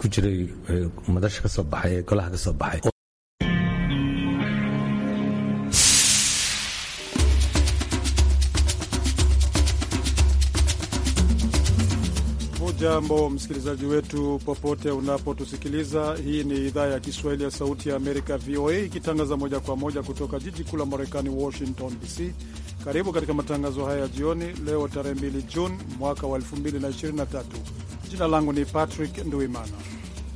ku jiray madasha kasoo baxay ee golaha kasoo baxay Jambo msikilizaji wetu popote unapotusikiliza, hii ni idhaa ya Kiswahili ya Sauti ya Amerika, VOA, ikitangaza moja kwa moja kutoka jiji kuu la Marekani, Washington DC. Karibu katika matangazo haya ya jioni leo tarehe 2 Juni mwaka wa 2023. Jina langu ni Patrick Nduimana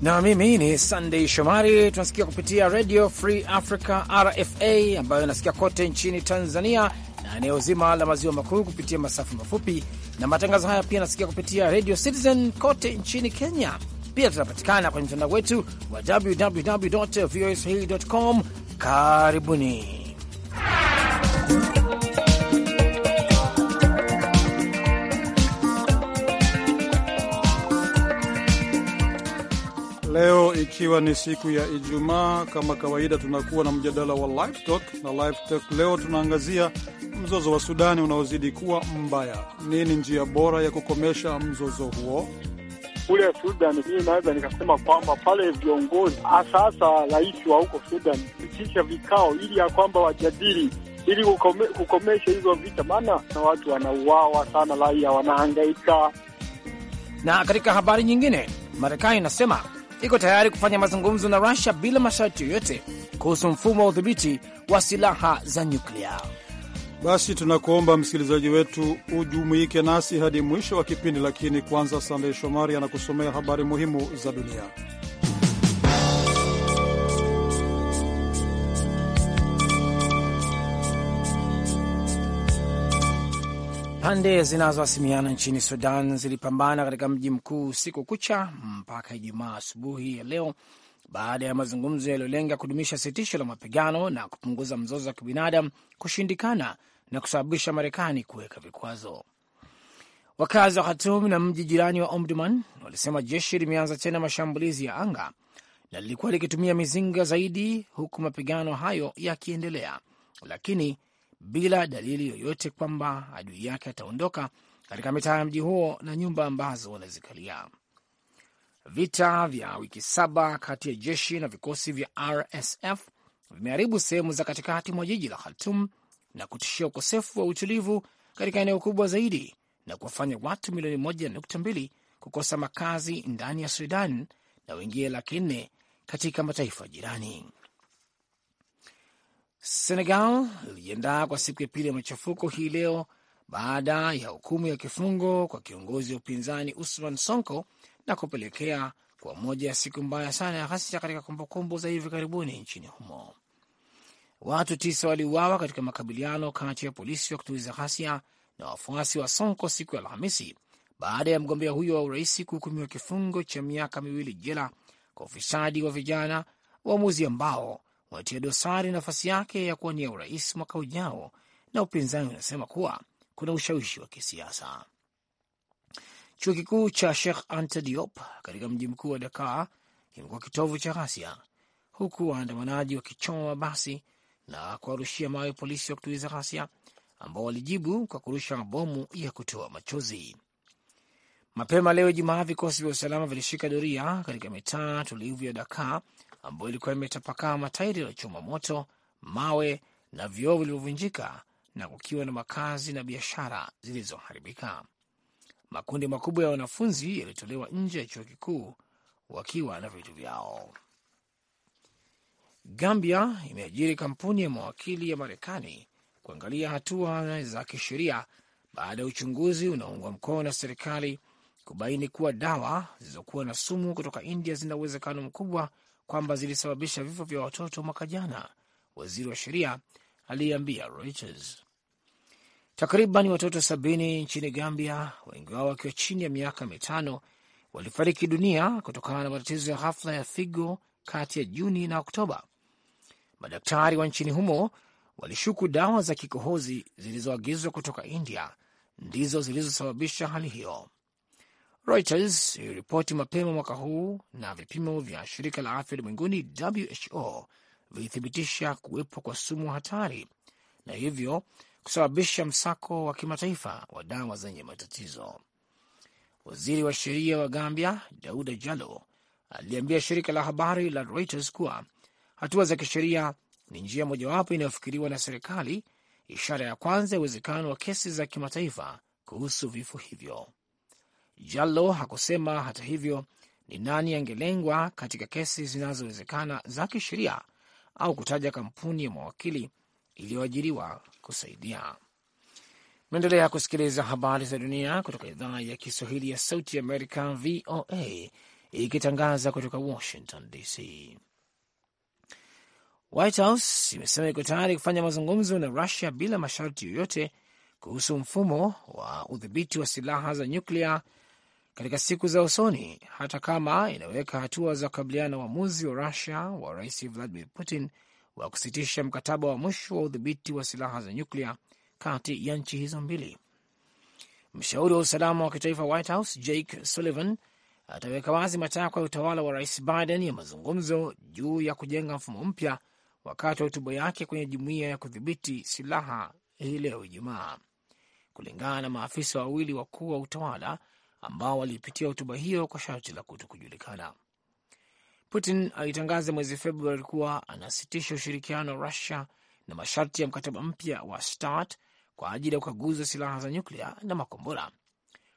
na mimi ni Sandey Shomari. Tunasikia kupitia Radio Free Africa, RFA, ambayo inasikia kote nchini Tanzania na eneo zima la maziwa makuu kupitia masafa mafupi, na matangazo haya pia yanasikia kupitia Radio Citizen kote nchini Kenya. Pia tunapatikana kwenye mtandao wetu wa www voa swahili com. Karibuni. Leo ikiwa ni siku ya Ijumaa, kama kawaida, tunakuwa na mjadala wa live na live leo tunaangazia mzozo wa Sudani unaozidi kuwa mbaya. Nini njia bora ya kukomesha mzozo huo? kule Sudan hii naweza nikasema kwamba pale viongozi asasa rais wa huko Sudan itisha vikao ili ya kwamba wajadili ili kukome, kukomesha hizo vita, maana na watu wanauawa sana, raia wanahangaika. Na katika habari nyingine, Marekani inasema iko tayari kufanya mazungumzo na Rusia bila masharti yoyote kuhusu mfumo wa udhibiti wa silaha za nyuklia. Basi tunakuomba msikilizaji wetu ujumuike nasi hadi mwisho wa kipindi, lakini kwanza, Sandey Shomari anakusomea habari muhimu za dunia. Pande zinazohasimiana nchini Sudan zilipambana katika mji mkuu siku kucha mpaka Ijumaa asubuhi ya leo baada ya mazungumzo yaliyolenga kudumisha sitisho la mapigano na kupunguza mzozo wa kibinadamu kushindikana na kusababisha Marekani kuweka vikwazo. Wakazi wa Khartoum na mji jirani wa Omdurman walisema jeshi limeanza tena mashambulizi ya anga na lilikuwa likitumia mizinga zaidi, huku mapigano hayo yakiendelea, lakini bila dalili yoyote kwamba adui yake ataondoka katika mitaa ya mji huo na nyumba ambazo wanazikalia. Vita vya wiki saba kati ya jeshi na vikosi vya RSF vimeharibu sehemu za katikati mwa jiji la Khartum na kutishia ukosefu wa utulivu katika eneo kubwa zaidi na kuwafanya watu milioni moja nukta mbili kukosa makazi ndani ya Sudan na wengine laki nne katika mataifa jirani. Senegal ilijiandaa kwa siku ya pili ya machafuko hii leo baada ya hukumu ya kifungo kwa kiongozi wa upinzani Usman Sonko na kupelekea kwa moja ya siku mbaya sana ya ghasia katika kumbukumbu za hivi karibuni nchini humo. Watu tisa waliuawa katika makabiliano kati ya polisi wa kutuliza ghasia na wafuasi wa Sonko siku ya Alhamisi baada ya mgombea huyo wa urais kuhukumiwa kifungo cha miaka miwili jela kwa ufisadi wa vijana, uamuzi ambao watia dosari nafasi yake ya kuwania urais mwaka ujao, na upinzani unasema kuwa kuna ushawishi wa kisiasa. Chuo kikuu cha Sheikh Anta Diop katika mji mkuu wa Dakar kimekuwa kitovu cha ghasia, huku waandamanaji wakichoma mabasi na kuwarushia mawe polisi wa kutuliza ghasia ambao walijibu kwa kurusha mabomu ya kutoa machozi. Mapema leo Ijumaa, vikosi vya usalama vilishika doria katika mitaa tulivu ya Dakaa ambayo ilikuwa imetapakaa matairi yaliyochoma moto, mawe na vioo vilivyovunjika, na kukiwa na makazi na biashara zilizoharibika. Makundi makubwa ya wanafunzi yalitolewa nje ya chuo kikuu wakiwa na vitu vyao. Gambia imeajiri kampuni ya mawakili ya Marekani kuangalia hatua za kisheria baada ya uchunguzi unaoungwa mkono na serikali kubaini kuwa dawa zilizokuwa na sumu kutoka India zina uwezekano mkubwa kwamba zilisababisha vifo vya watoto mwaka jana, waziri wa sheria aliyeambia Reuters. Takriban watoto sabini nchini Gambia, wengi wao wakiwa chini ya miaka mitano, walifariki dunia kutokana na matatizo ya ghafla ya figo kati ya Juni na Oktoba. Madaktari wa nchini humo walishuku dawa za kikohozi zilizoagizwa kutoka India ndizo zilizosababisha hali hiyo. Reuters iliripoti mapema mwaka huu na vipimo vya shirika la afya ulimwenguni WHO vilithibitisha kuwepo kwa sumu hatari na hivyo kusababisha msako wa kimataifa wa dawa zenye matatizo. Waziri wa sheria wa Gambia, Dauda jalo aliambia shirika la habari la Reuters kuwa hatua za kisheria ni njia mojawapo inayofikiriwa na serikali, ishara ya kwanza ya uwezekano wa kesi za kimataifa kuhusu vifo hivyo. Jallo hakusema hata hivyo ni nani angelengwa katika kesi zinazowezekana za kisheria au kutaja kampuni ya mawakili iliyoajiriwa kusaidia. Naendelea kusikiliza habari za dunia kutoka idhaa ya Kiswahili ya Sauti Amerika, VOA, ikitangaza kutoka Washington DC. White House imesema iko tayari kufanya mazungumzo na Rusia bila masharti yoyote kuhusu mfumo wa udhibiti wa silaha za nyuklia katika siku za usoni, hata kama inaweka hatua za kukabiliana na uamuzi wa Rusia wa Rais Vladimir Putin wa kusitisha mkataba wa mwisho wa udhibiti wa silaha za nyuklia kati ya nchi hizo mbili. Mshauri wa usalama wa kitaifa White House Jake Sullivan ataweka wazi matakwa ya utawala wa Rais Biden ya mazungumzo juu ya kujenga mfumo mpya wakati wa hotuba yake kwenye jumuiya ya kudhibiti silaha hii leo Ijumaa, kulingana na maafisa wawili wakuu wa utawala ambao walipitia hotuba hiyo kwa sharti la kuto kujulikana. Putin alitangaza mwezi Februari kuwa anasitisha ushirikiano wa Rusia na masharti ya mkataba mpya wa START kwa ajili ya ukaguzi wa silaha za nyuklia na makombora,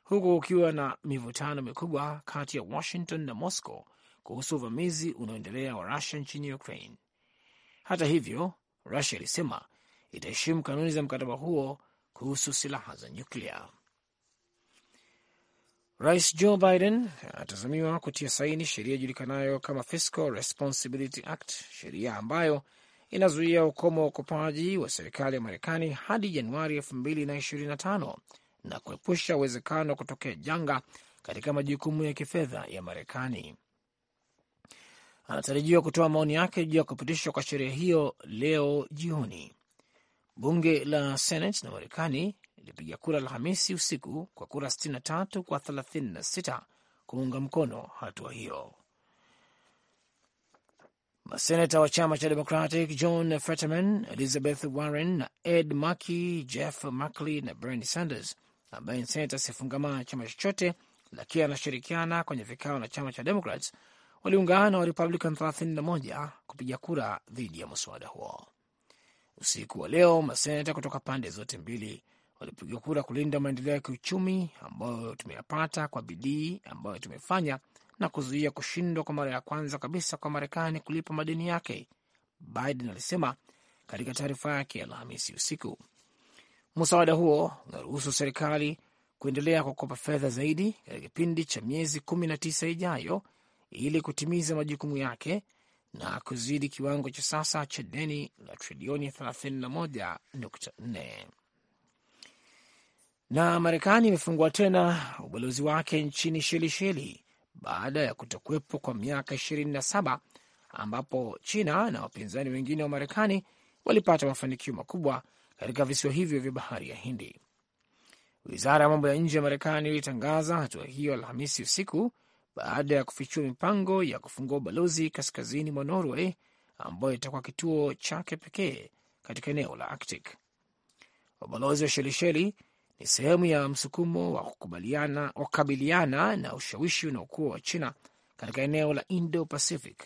huku ukiwa na mivutano mikubwa kati ya Washington na Moscow kuhusu uvamizi unaoendelea wa Rusia nchini Ukraine. Hata hivyo, Rusia ilisema itaheshimu kanuni za mkataba huo kuhusu silaha za nyuklia. Rais Joe Biden anatazamiwa kutia saini sheria ijulikanayo kama Fiscal Responsibility Act, sheria ambayo inazuia ukomo wa ukopaji wa serikali ya Marekani hadi Januari 2025 na kuepusha uwezekano wa kutokea janga katika majukumu ya kifedha ya Marekani. Anatarajiwa kutoa maoni yake juu ya kupitishwa kwa sheria hiyo leo jioni. Bunge la Senate na Marekani ilipiga kura Alhamisi usiku kwa kura 63 kwa 36 kuunga mkono hatua hiyo. Maseneta wa chama cha Democratic John Fetterman, Elizabeth Warren na Ed Markey, Jeff Merkley na Bernie Sanders, ambaye ni seneta asiyefungamana chama chochote lakini anashirikiana kwenye vikao na chama cha Democrats, waliungana na Warepublican 31 kupiga kura dhidi ya mswada huo. Usiku wa leo maseneta kutoka pande zote mbili walipiga kura kulinda maendeleo ya kiuchumi ambayo tumeyapata kwa bidii ambayo tumefanya na kuzuia kushindwa kwa mara ya kwanza kabisa kwa Marekani kulipa madeni yake, Biden alisema katika taarifa yake Alhamisi usiku. Msaada huo unaruhusu serikali kuendelea kukopa fedha zaidi katika kipindi cha miezi kumi na tisa ijayo ili kutimiza majukumu yake na kuzidi kiwango cha sasa cha deni la trilioni 31.4. Na Marekani imefungua tena ubalozi wake nchini Shelisheli baada ya kutokuwepo kwa miaka ishirini na saba ambapo China na wapinzani wengine wa Marekani walipata mafanikio makubwa katika visiwa hivyo vya bahari ya Hindi. Wizara ya mambo ya nje ya Marekani ilitangaza hatua hiyo Alhamisi usiku baada ya kufichua mipango ya kufungua ubalozi kaskazini mwa Norway ambayo itakuwa kituo chake pekee katika eneo la Arctic. Ubalozi wa Shelisheli ni sehemu ya msukumo wa kukabiliana na ushawishi unaokuwa wa China katika eneo la Indo Pacific.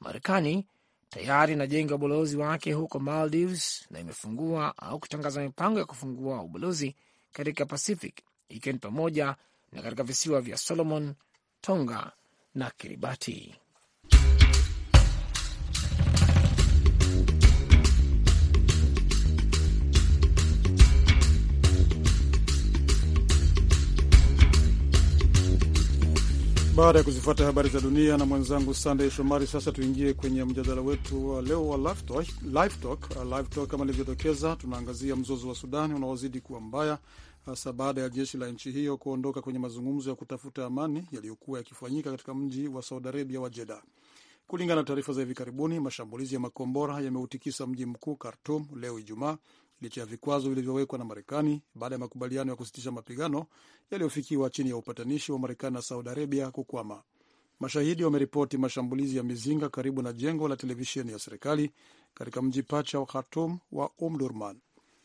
Marekani tayari inajenga ubalozi wake huko Maldives na imefungua au kutangaza mipango ya kufungua ubalozi katika Pacific, ikiwa ni pamoja na katika visiwa vya Solomon, Tonga na Kiribati. Baada ya kuzifuata habari za dunia na mwenzangu Sandey Shomari, sasa tuingie kwenye mjadala wetu wa leo wa uh, Live Talk. kama ilivyotokeza, tunaangazia mzozo wa Sudani unaozidi kuwa mbaya, hasa baada ya jeshi la nchi hiyo kuondoka kwenye mazungumzo ya kutafuta amani yaliyokuwa yakifanyika katika mji wa Saudi Arabia wa jeda Kulingana na taarifa za hivi karibuni, mashambulizi ya makombora yameutikisa mji mkuu Khartum leo Ijumaa, licha ya vikwazo vilivyowekwa na Marekani baada ya makubaliano ya kusitisha mapigano yaliyofikiwa chini ya upatanishi wa Marekani na Saudi Arabia kukwama. Mashahidi wameripoti mashambulizi ya mizinga karibu na jengo la televisheni ya serikali katika mji pacha wa Khartum wa Umdurman.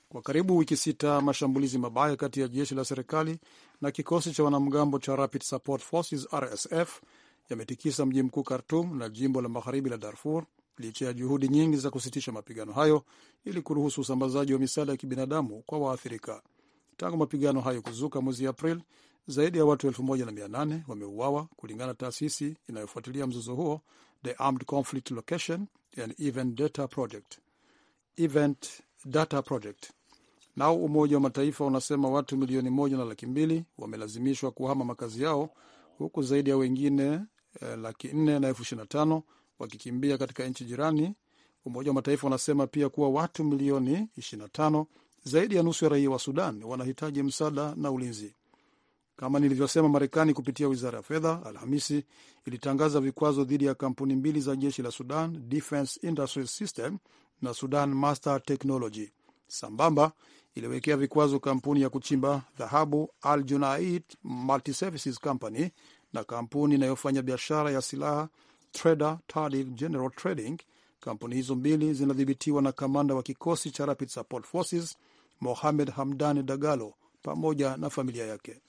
Kwa karibu wiki sita, mashambulizi mabaya kati ya jeshi la serikali na kikosi cha wanamgambo cha Rapid Support Forces RSF yametikisa mji mkuu Khartum na jimbo la magharibi la Darfur licha ya juhudi nyingi za kusitisha mapigano hayo ili kuruhusu usambazaji wa misaada ya kibinadamu kwa waathirika. Tangu mapigano hayo kuzuka mwezi april zaidi ya watu 1800 wameuawa kulingana na taasisi inayofuatilia mzozo huo, The Armed Conflict Location and Event Data Project. Event Data Project. Nao Umoja wa Mataifa unasema watu milioni moja na laki mbili wamelazimishwa kuhama makazi yao huku zaidi ya wengine eh, laki nne na elfu ishirini na tano wakikimbia katika nchi jirani. Umoja wa Mataifa unasema pia kuwa watu milioni 25, zaidi ya nusu ya raia wa Sudan, wanahitaji msaada na ulinzi. Kama nilivyosema, Marekani kupitia wizara ya fedha Alhamisi ilitangaza vikwazo dhidi ya kampuni mbili za jeshi la Sudan, Defense Industrial System na Sudan Master Technology. Sambamba iliwekea vikwazo kampuni ya kuchimba dhahabu Al Junaid Multiservices Company na kampuni inayofanya biashara ya silaha Trader Tadif General Trading. Kampuni hizo mbili zinadhibitiwa na kamanda wa kikosi cha Rapid Support Forces Mohamed hamdan Dagalo pamoja na familia yake.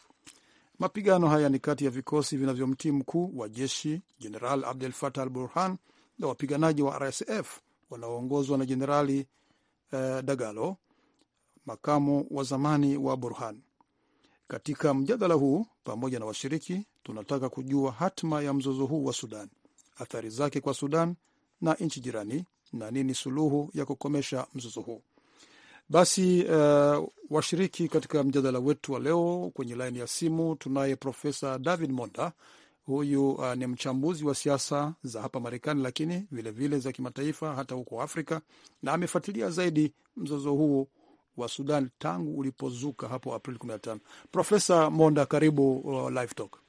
Mapigano haya ni kati ya vikosi vinavyomtii mkuu wa jeshi Jeneral Abdel Fatah Al Burhan na wapiganaji wa RSF wanaoongozwa na Jenerali eh, Dagalo, makamu wa zamani wa Burhan. Katika mjadala huu pamoja na washiriki, tunataka kujua hatma ya mzozo huu wa Sudan athari zake kwa Sudan na nchi jirani na nini suluhu ya kukomesha mzozo huu. Basi uh, washiriki katika mjadala wetu wa leo kwenye laini ya simu tunaye Profesa David Monda. Huyu uh, ni mchambuzi wa siasa za hapa Marekani, lakini vilevile vile za kimataifa, hata huko Afrika, na amefuatilia zaidi mzozo huu wa Sudan tangu ulipozuka hapo Aprili 15. Profesa Monda, karibu uh, Live Talk.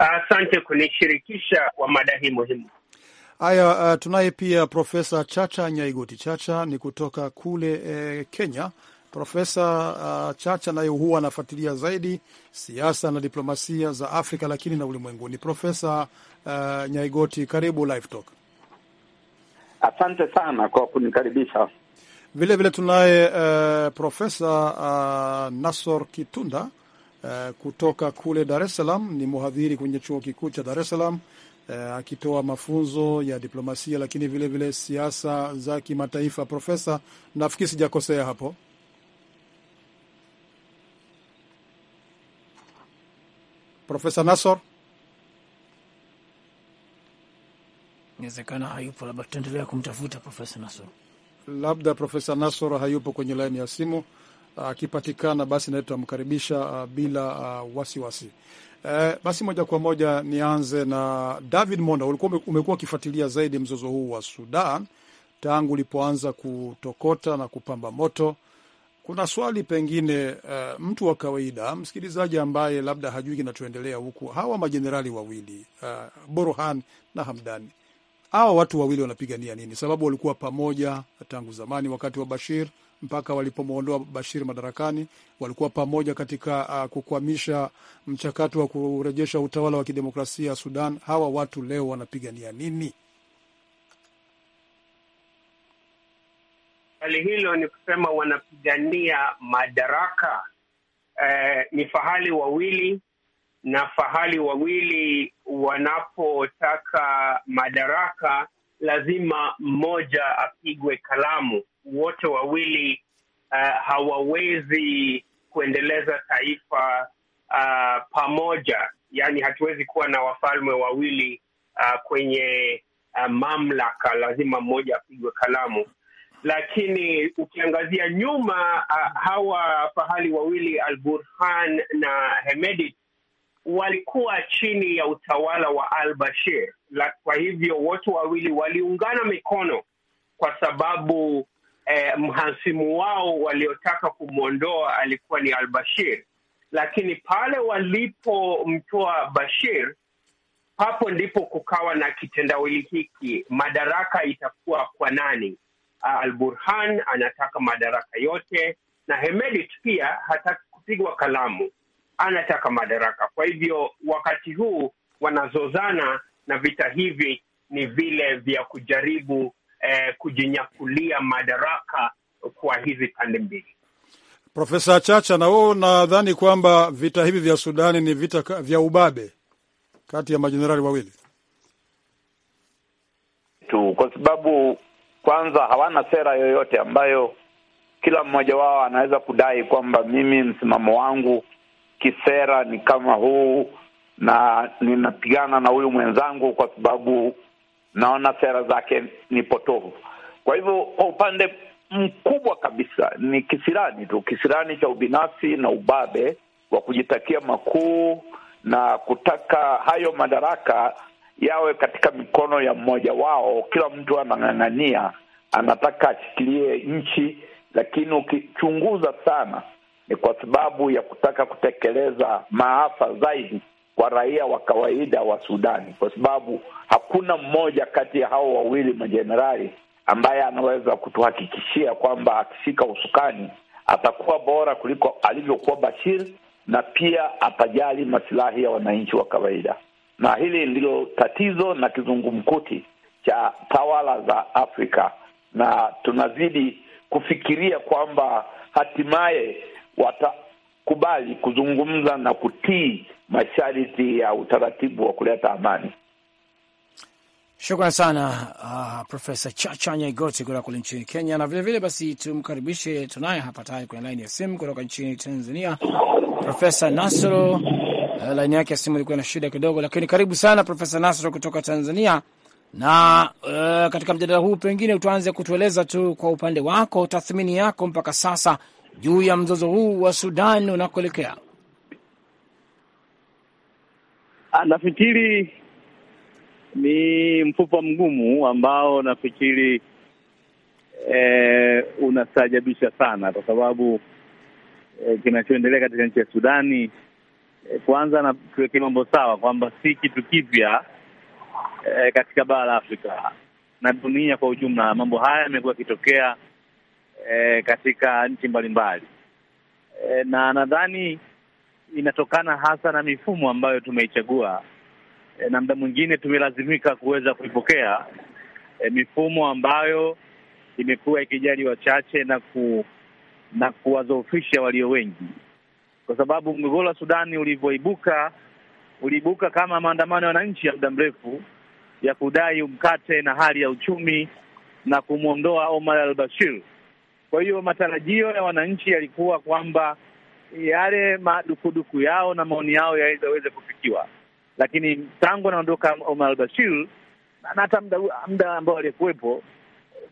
Asante kunishirikisha kwa mada hii muhimu. Haya, uh, tunaye pia Profesa Chacha Nyaigoti Chacha ni kutoka kule eh, Kenya. Profesa uh, Chacha naye huwa anafuatilia zaidi siasa na diplomasia za Afrika lakini na ulimwenguni. Profesa uh, Nyaigoti, karibu Live Talk. Asante sana kwa kunikaribisha. Vilevile tunaye uh, Profesa uh, Nasor Kitunda uh, kutoka kule Dar es Salaam. Ni mhadhiri kwenye chuo kikuu cha Dar es Salaam eh, akitoa mafunzo ya diplomasia lakini vilevile siasa za kimataifa. Profesa, nafikiri sijakosea hapo. Profesa Nasor inawezekana hayupo, labda tutaendelea kumtafuta Profesa Nasor. Labda Profesa Nasor hayupo kwenye laini ya simu akipatikana basi naye tutamkaribisha uh, bila uh, wasiwasi wasi. Eh, e, basi moja kwa moja nianze na David Monda. Ulikuwa umekuwa ukifuatilia zaidi mzozo huu wa Sudan tangu ulipoanza kutokota na kupamba moto. Kuna swali pengine, uh, mtu wa kawaida msikilizaji ambaye labda hajui kinachoendelea huku, hawa majenerali wawili uh, eh, Borhan na Hamdani, hawa watu wawili wanapigania nini? Sababu walikuwa pamoja tangu zamani wakati wa Bashir mpaka walipomwondoa Bashir madarakani, walikuwa pamoja katika uh, kukwamisha mchakato wa kurejesha utawala wa kidemokrasia Sudan. Hawa watu leo wanapigania nini? Swali hilo ni kusema wanapigania madaraka. Eh, ni fahali wawili na fahali wawili wanapotaka madaraka lazima mmoja apigwe kalamu. Wote wawili uh, hawawezi kuendeleza taifa uh, pamoja. Yani hatuwezi kuwa na wafalme wawili uh, kwenye uh, mamlaka, lazima mmoja apigwe kalamu. Lakini ukiangazia nyuma uh, hawa fahali wawili Al-Burhan na Hemedit walikuwa chini ya utawala wa al-Bashir. La, kwa hivyo wote wawili waliungana mikono kwa sababu eh, mhasimu wao waliotaka kumwondoa alikuwa ni al-Bashir, lakini pale walipomtoa Bashir, hapo ndipo kukawa na kitendawili hiki, madaraka itakuwa kwa nani? Al-Burhan anataka madaraka yote na Hemedit pia hataki kupigwa kalamu anataka madaraka. Kwa hivyo wakati huu wanazozana, na vita hivi ni vile vya kujaribu eh, kujinyakulia madaraka kwa hizi pande mbili. Profesa Chacha, na wewe unadhani kwamba vita hivi vya Sudani ni vita vya ubabe kati ya majenerali wawili tu, kwa sababu kwanza hawana sera yoyote ambayo kila mmoja wao anaweza kudai kwamba mimi msimamo wangu kisera ni kama huu, na ninapigana na huyu mwenzangu kwa sababu naona sera zake ni potofu. Kwa hivyo kwa upande mkubwa kabisa ni kisirani tu, kisirani cha ubinafsi na ubabe wa kujitakia makuu na kutaka hayo madaraka yawe katika mikono ya mmoja wao. Kila mtu anang'ang'ania, anataka ashikilie nchi, lakini ukichunguza sana ni kwa sababu ya kutaka kutekeleza maafa zaidi kwa raia wa kawaida wa Sudani, kwa sababu hakuna mmoja kati ya hao wawili majenerali ambaye anaweza kutuhakikishia kwamba akishika usukani atakuwa bora kuliko alivyokuwa Bashir, na pia atajali masilahi ya wananchi wa kawaida. Na hili ndilo tatizo na kizungumkuti cha tawala za Afrika, na tunazidi kufikiria kwamba hatimaye watakubali kuzungumza na kutii masharti ya utaratibu wa kuleta amani. Shukran sana uh, ah, Profesa Chacha Nyaigoti kutoka kule nchini Kenya. Na vilevile vile basi, tumkaribishe tunaye hapa tayari kwenye laini ya simu kutoka nchini Tanzania, Profesa Nasro. Uh, laini yake ya simu ilikuwa na shida kidogo, lakini karibu sana Profesa Nasro kutoka Tanzania. Na uh, katika mjadala huu pengine utaanze kutueleza tu kwa upande wako tathmini yako mpaka sasa juu ya mzozo huu wa Sudan unakoelekea? Ah, nafikiri ni mfupa mgumu ambao nafikiri eh, unasajabisha sana kwa sababu eh, kinachoendelea katika nchi ya Sudani eh, kwanza na tuweke mambo sawa kwamba si kitu kipya eh, katika bara la Afrika na dunia kwa ujumla. Mambo haya yamekuwa yakitokea e, katika nchi mbalimbali e, na nadhani inatokana hasa na mifumo ambayo tumeichagua e, na mda mwingine tumelazimika kuweza kuipokea e, mifumo ambayo imekuwa ikijali wachache na ku, na kuwadhoofisha walio wengi, kwa sababu mgogoro wa Sudani ulivyoibuka uliibuka kama maandamano ya wananchi ya muda mrefu ya kudai mkate na hali ya uchumi na kumwondoa Omar al-Bashir kwa hiyo matarajio ya wananchi yalikuwa kwamba yale madukuduku yao na maoni yao yaweze kufikiwa, lakini tangu anaondoka Omar al-Bashir na hata muda ambao aliyekuwepo,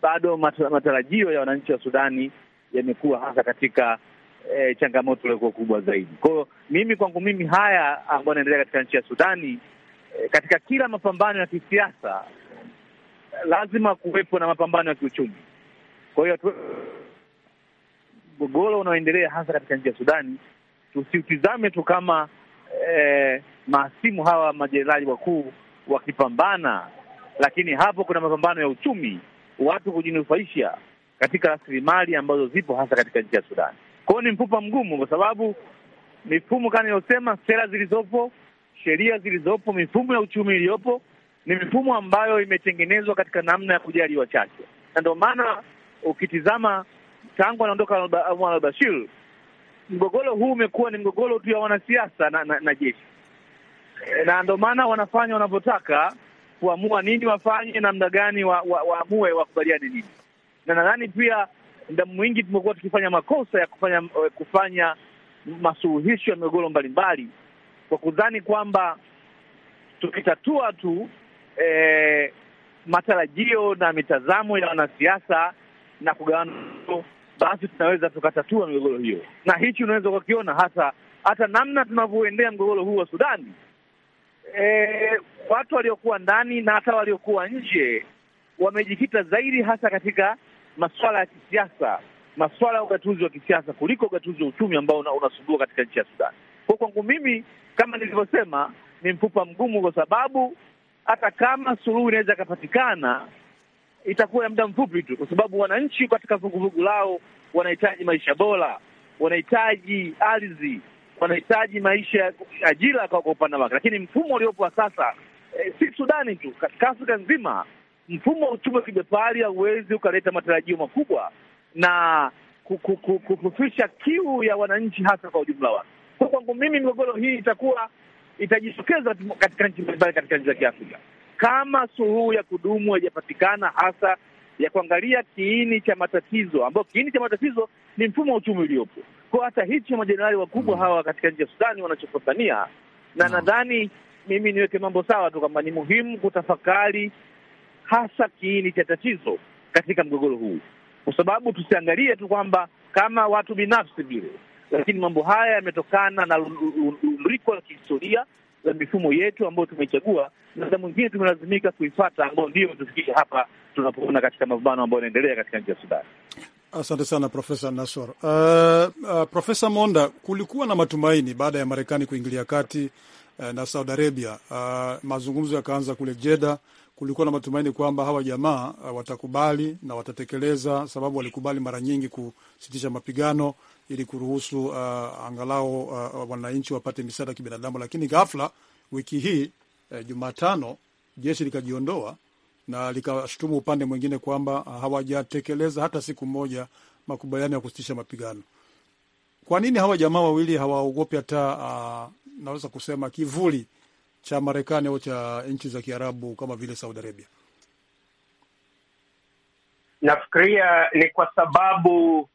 bado matarajio ya wananchi wa Sudani yamekuwa hasa katika e, changamoto iliyokuwa kubwa zaidi. Kwa hiyo mimi kwangu mimi haya ambayo yanaendelea katika nchi ya Sudani e, katika kila mapambano ya kisiasa lazima kuwepo na mapambano ya kiuchumi. Kwa hiyo mgogoro unaoendelea hasa katika nchi ya Sudani tusiutizame tu kama eh, maasimu hawa majenerali wakuu wakipambana, lakini hapo kuna mapambano ya uchumi, watu kujinufaisha katika rasilimali ambazo zipo hasa katika nchi ya Sudani. Kwa hiyo ni mfupa mgumu, kwa sababu mifumo kama niliyosema, sera zilizopo, sheria zilizopo, mifumo ya uchumi iliyopo ni mifumo ambayo imetengenezwa katika namna ya kujali wachache, na ndio maana ukitizama tangu anaondoka Omar al-Bashir, mgogoro huu umekuwa ni mgogoro tu ya wanasiasa na, na, na jeshi, na ndio maana wanafanya wanavyotaka kuamua nini wafanye, namna gani wa, wa, waamue wakubaliane nini, na nadhani pia muda mwingi tumekuwa tukifanya makosa ya kufanya eh, kufanya masuluhisho ya migogoro mbalimbali kwa kudhani kwamba tukitatua tu eh, matarajio na mitazamo ya wanasiasa na kugawana, basi tunaweza tukatatua migogoro hiyo, na hichi unaweza ukakiona hasa hata namna tunavyoendea mgogoro huu wa Sudani. E, watu waliokuwa ndani na hata waliokuwa nje wamejikita zaidi hasa katika masuala ya kisiasa, masuala ya ugatuzi wa kisiasa kuliko ugatuzi wa uchumi ambao unasumbua una katika nchi ya Sudani. Kwa kwangu mimi, kama nilivyosema, ni mfupa mgumu, kwa sababu hata kama suluhu inaweza ikapatikana itakuwa ya muda mfupi tu, kwa sababu wananchi katika vuguvugu lao wanahitaji maisha bora, wanahitaji ardhi, wanahitaji maisha, ajira kwa upande wake. Lakini mfumo uliopo wa sasa e, si Sudani tu, katika Afrika nzima, mfumo wa uchumi wa kibepari hauwezi ukaleta matarajio makubwa na kufufisha kiu ya wananchi hasa kwa ujumla wake. Kwa kwangu mimi, migogoro hii itakuwa itajitokeza katika nchi mbalimbali katika nchi za Kiafrika kama suluhu ya kudumu haijapatikana, hasa ya kuangalia kiini cha matatizo, ambayo kiini cha matatizo ni mfumo wa uchumi uliopo. kwao. hata hicho majenerali wakubwa mm. hawa katika nchi ya Sudani wanachofatania na mm. nadhani mimi niweke mambo sawa tu kwamba ni muhimu kutafakari hasa kiini cha tatizo katika mgogoro huu, kwa sababu tusiangalie tu kwamba kama watu binafsi vile, lakini mambo haya yametokana na umriko la kihistoria za mifumo yetu ambayo tumeichagua, na za mwingine tumelazimika kuifata, ambayo ndio tufikie hapa tunapoona katika mapambano ambayo yanaendelea katika nchi ya Sudan. Asante sana Profesa Nasor. Uh, uh, Profesa Monda, kulikuwa na matumaini baada ya Marekani kuingilia kati uh, na Saudi Arabia, uh, mazungumzo yakaanza kule jeda Kulikuwa na matumaini kwamba hawa jamaa uh, watakubali na watatekeleza, sababu walikubali mara nyingi kusitisha mapigano ili kuruhusu uh, angalau uh, wananchi wapate misaada ya kibinadamu, lakini ghafla wiki hii uh, Jumatano jeshi likajiondoa na likashutumu upande mwingine kwamba hawajatekeleza hata siku moja makubaliano ya kusitisha mapigano. Kwa nini hawa jamaa wawili hawaogopi hata uh, naweza kusema kivuli cha Marekani au cha nchi za Kiarabu kama vile Saudi Arabia? Nafikiria ni kwa sababu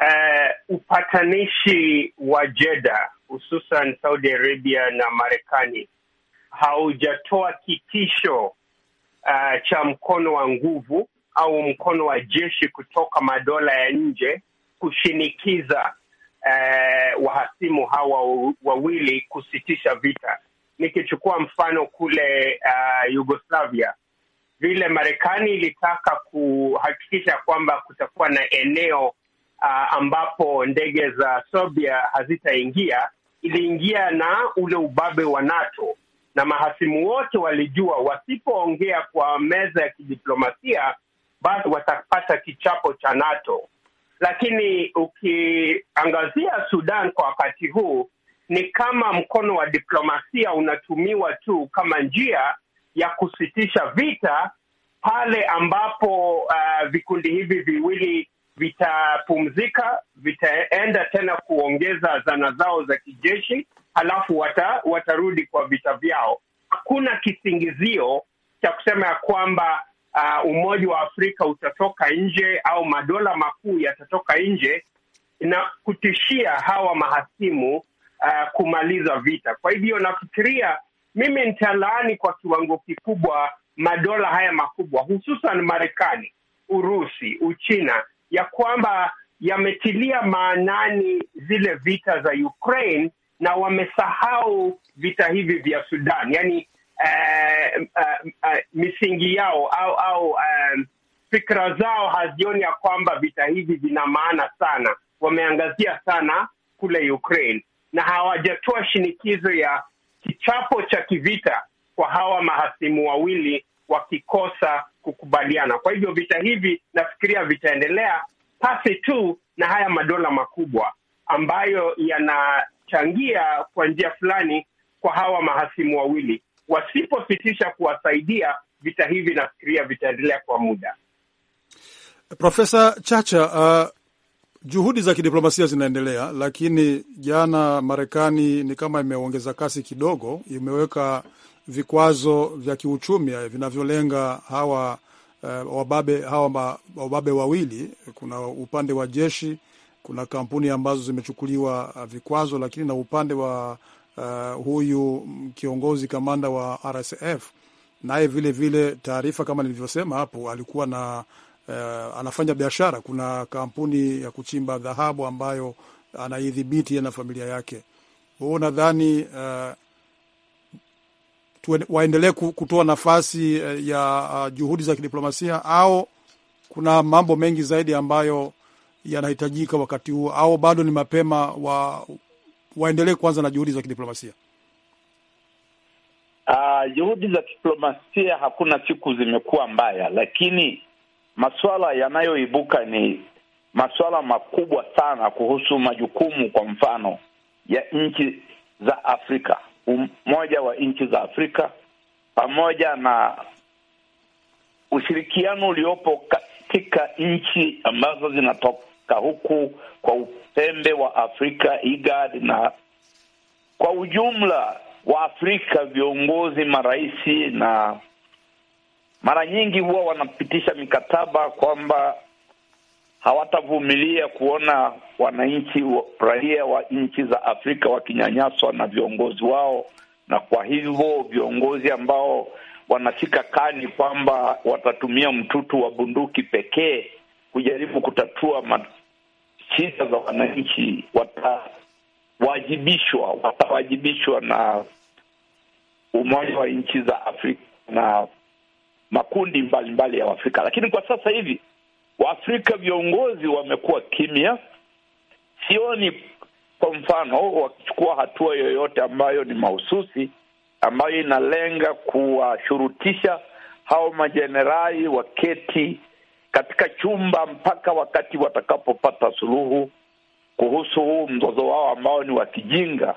uh, upatanishi wa jeda hususan Saudi Arabia na Marekani haujatoa kitisho uh, cha mkono wa nguvu au mkono wa jeshi kutoka madola ya nje kushinikiza uh, wahasimu hawa wawili kusitisha vita. Nikichukua mfano kule uh, Yugoslavia, vile Marekani ilitaka kuhakikisha kwamba kutakuwa na eneo uh, ambapo ndege za Serbia hazitaingia, iliingia na ule ubabe wa NATO, na mahasimu wote walijua wasipoongea kwa meza ya kidiplomasia basi watapata kichapo cha NATO. Lakini ukiangazia Sudan kwa wakati huu ni kama mkono wa diplomasia unatumiwa tu kama njia ya kusitisha vita pale ambapo uh, vikundi hivi viwili vitapumzika, vitaenda tena kuongeza zana zao za kijeshi, halafu wata, watarudi kwa vita vyao. Hakuna kisingizio cha kusema ya kwamba uh, Umoja wa Afrika utatoka nje au madola makuu yatatoka nje na kutishia hawa mahasimu uh, kumaliza vita. Kwa hivyo nafikiria mimi nitalaani kwa kiwango kikubwa madola haya makubwa, hususan Marekani, Urusi, Uchina ya kwamba yametilia maanani zile vita za Ukraine na wamesahau vita hivi vya Sudan, yaani uh, uh, uh, misingi yao au au uh, fikra zao hazioni ya kwamba vita hivi vina maana sana. Wameangazia sana kule Ukraine na hawajatoa shinikizo ya kichapo cha kivita kwa hawa mahasimu wawili wakikosa kukubaliana. Kwa hivyo vita hivi nafikiria vitaendelea pasi tu na haya madola makubwa ambayo yanachangia kwa njia fulani kwa hawa mahasimu wawili. Wasipositisha kuwasaidia, vita hivi nafikiria vitaendelea kwa muda. Profesa Chacha, uh, juhudi za kidiplomasia zinaendelea, lakini jana Marekani ni kama imeongeza kasi kidogo, imeweka vikwazo vya kiuchumi vinavyolenga hawa uh, wababe, hawa wababe wawili. Kuna upande wa jeshi, kuna kampuni ambazo zimechukuliwa eh, vikwazo, lakini na upande wa uh, huyu kiongozi kamanda wa RSF naye vile vile taarifa kama nilivyosema hapo, alikuwa na uh, anafanya biashara. Kuna kampuni ya kuchimba dhahabu ambayo anaidhibiti na familia yake. huu nadhani uh, waendelee kutoa nafasi eh, ya ah, juhudi za kidiplomasia au kuna mambo mengi zaidi ambayo yanahitajika wakati huo, au bado ni mapema wa, waendelee kwanza na juhudi za kidiplomasia? Uh, juhudi za kidiplomasia hakuna siku zimekuwa mbaya, lakini masuala yanayoibuka ni masuala makubwa sana kuhusu majukumu, kwa mfano ya nchi za Afrika umoja wa nchi za Afrika pamoja na ushirikiano uliopo katika nchi ambazo zinatoka huku kwa upembe wa Afrika IGAD, na kwa ujumla wa Afrika viongozi, marais na mara nyingi huwa wanapitisha mikataba kwamba hawatavumilia kuona wananchi raia wa nchi za Afrika wakinyanyaswa na viongozi wao, na kwa hivyo viongozi ambao wanashika kani kwamba watatumia mtutu wa bunduki pekee kujaribu kutatua shida za wananchi watawajibishwa, watawajibishwa na Umoja wa Nchi za Afrika na makundi mbalimbali mbali ya Afrika, lakini kwa sasa hivi Waafrika viongozi wamekuwa kimya. Sioni kwa mfano wakichukua hatua yoyote ambayo ni mahususi ambayo inalenga kuwashurutisha hao majenerali waketi katika chumba mpaka wakati watakapopata suluhu kuhusu huu mzozo wao ambao ni wa kijinga,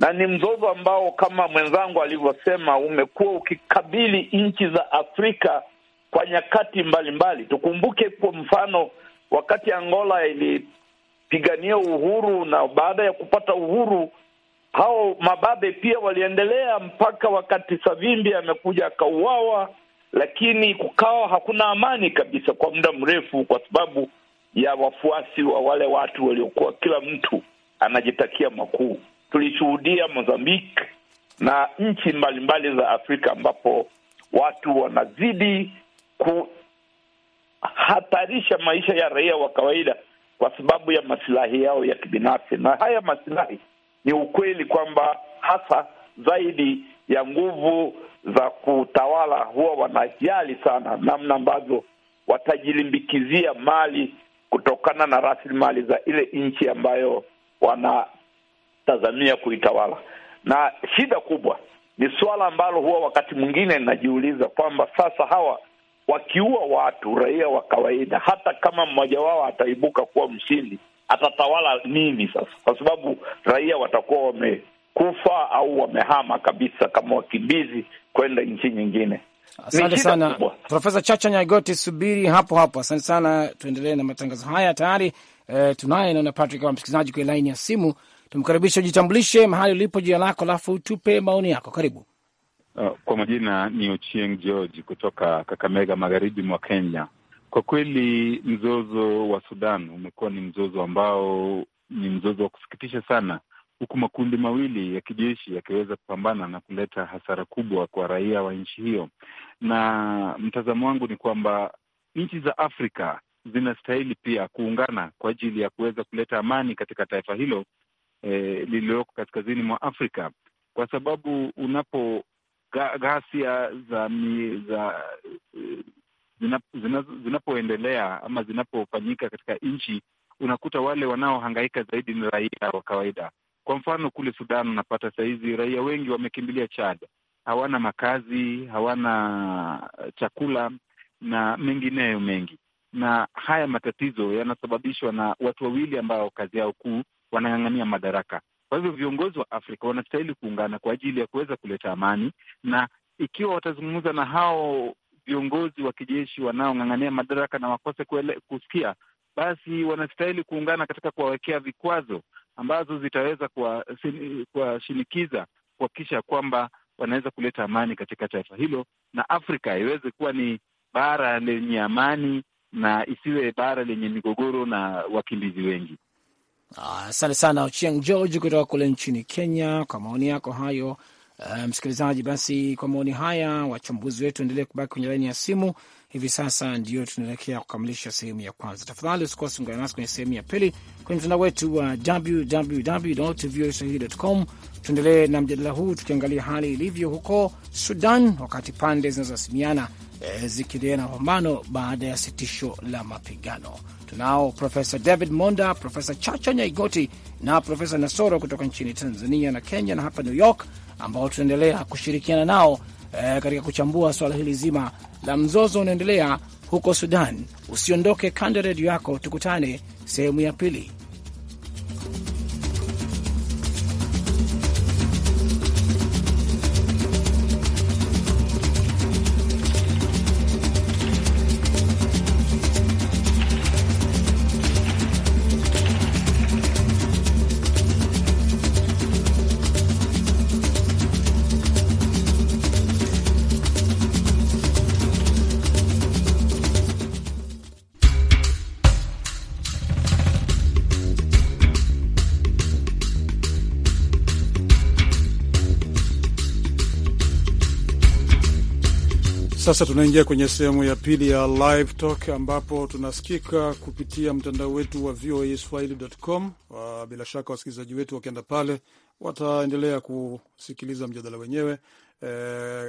na ni mzozo ambao kama mwenzangu alivyosema umekuwa ukikabili nchi za Afrika kwa nyakati mbalimbali mbali. Tukumbuke kwa mfano wakati Angola ilipigania uhuru na baada ya kupata uhuru hao mababe pia waliendelea mpaka wakati Savimbi amekuja akauawa, lakini kukawa hakuna amani kabisa kwa muda mrefu, kwa sababu ya wafuasi wa wale watu waliokuwa kila mtu anajitakia makuu. Tulishuhudia Mozambique na nchi mbalimbali za Afrika ambapo watu wanazidi kuhatarisha maisha ya raia wa kawaida kwa sababu ya masilahi yao ya kibinafsi. Na haya masilahi ni ukweli kwamba hasa zaidi ya nguvu za kutawala huwa wanajali sana namna ambavyo watajilimbikizia mali kutokana na rasilimali za ile nchi ambayo wanatazamia kuitawala. Na shida kubwa ni suala ambalo huwa wakati mwingine inajiuliza kwamba sasa hawa wakiua watu raia wa kawaida, hata kama mmoja wao ataibuka kuwa mshindi, atatawala nini sasa? Kwa sababu raia watakuwa wamekufa au wamehama kabisa kama wakimbizi kwenda nchi nyingine. Asante sana Profesa Chacha Nyagoti, subiri hapo hapo. Asante sana, tuendelee na matangazo haya. Tayari eh, tunaye naona Patrick wa msikilizaji kwenye laini ya simu. tumkaribisha ujitambulishe mahali ulipo, jina lako, alafu tupe maoni yako. Karibu. Uh, kwa majina ni Ochieng George kutoka Kakamega, magharibi mwa Kenya. Kwa kweli mzozo wa Sudan umekuwa ni mzozo ambao ni mzozo wa kusikitisha sana, huku makundi mawili ya kijeshi yakiweza kupambana na kuleta hasara kubwa kwa raia wa nchi hiyo, na mtazamo wangu ni kwamba nchi za Afrika zinastahili pia kuungana kwa ajili ya kuweza kuleta amani katika taifa hilo eh, lililoko kaskazini mwa Afrika, kwa sababu unapo ghasia za za zinapoendelea zina, zina ama zinapofanyika katika nchi, unakuta wale wanaohangaika zaidi ni raia wa kawaida. Kwa mfano kule Sudan unapata sahizi raia wengi wamekimbilia Chad, hawana makazi, hawana chakula na mengineyo mengi, na haya matatizo yanasababishwa na watu wawili ambao kazi yao kuu wanang'ang'ania madaraka. Kwa hivyo viongozi wa Afrika wanastahili kuungana kwa ajili ya kuweza kuleta amani, na ikiwa watazungumza na hao viongozi wa kijeshi wanaong'ang'ania madaraka na wakose kuele, kusikia, basi wanastahili kuungana katika kuwawekea vikwazo ambazo zitaweza kuwashinikiza kuhakikisha kwamba wanaweza kuleta amani katika taifa hilo, na Afrika iweze kuwa ni bara lenye amani na isiwe bara lenye migogoro na wakimbizi wengi. Asante ah, sana Ochieng George kutoka kule nchini Kenya kwa maoni yako hayo. Uh, msikilizaji, basi kwa maoni haya wachambuzi wetu endelee kubaki kwenye laini ya simu. Hivi sasa ndio tunaelekea kukamilisha sehemu ya kwanza. Tafadhali usikose, ungana nasi kwenye sehemu ya pili kwenye mtandao wetu wa www.voaswahili.com. Tuendelee na mjadala huu tukiangalia hali ilivyo huko Sudan, wakati pande zinazohasimiana eh, zikiendelea na mapambano baada ya sitisho la mapigano tunao Profesa David Monda, Profesa Chacha Nyaigoti na Profesa Nasoro kutoka nchini Tanzania na Kenya na hapa New York, ambao tunaendelea kushirikiana nao e, katika kuchambua swala hili zima la mzozo unaendelea huko Sudan. Usiondoke kando ya redio yako, tukutane sehemu ya pili. Sasa tunaingia kwenye sehemu ya pili ya Live Talk ambapo tunasikika kupitia mtandao wetu wa VOA Swahili.com. Ah, bila shaka wasikilizaji wetu wakienda pale wataendelea kusikiliza mjadala wenyewe. E,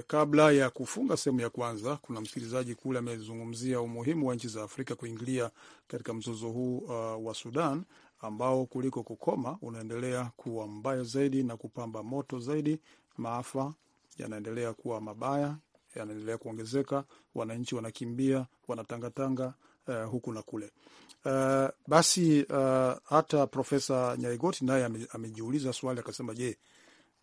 kabla ya kufunga sehemu ya kwanza, kuna msikilizaji kule amezungumzia umuhimu wa nchi za Afrika kuingilia katika mzozo huu uh, wa Sudan ambao kuliko kukoma unaendelea kuwa mbaya zaidi na kupamba moto zaidi. Maafa yanaendelea kuwa mabaya yanaendelea kuongezeka, wananchi wanakimbia, wanatangatanga uh, huku na kule uh, basi uh, hata Profesa Nyaigoti naye amejiuliza swali akasema, je,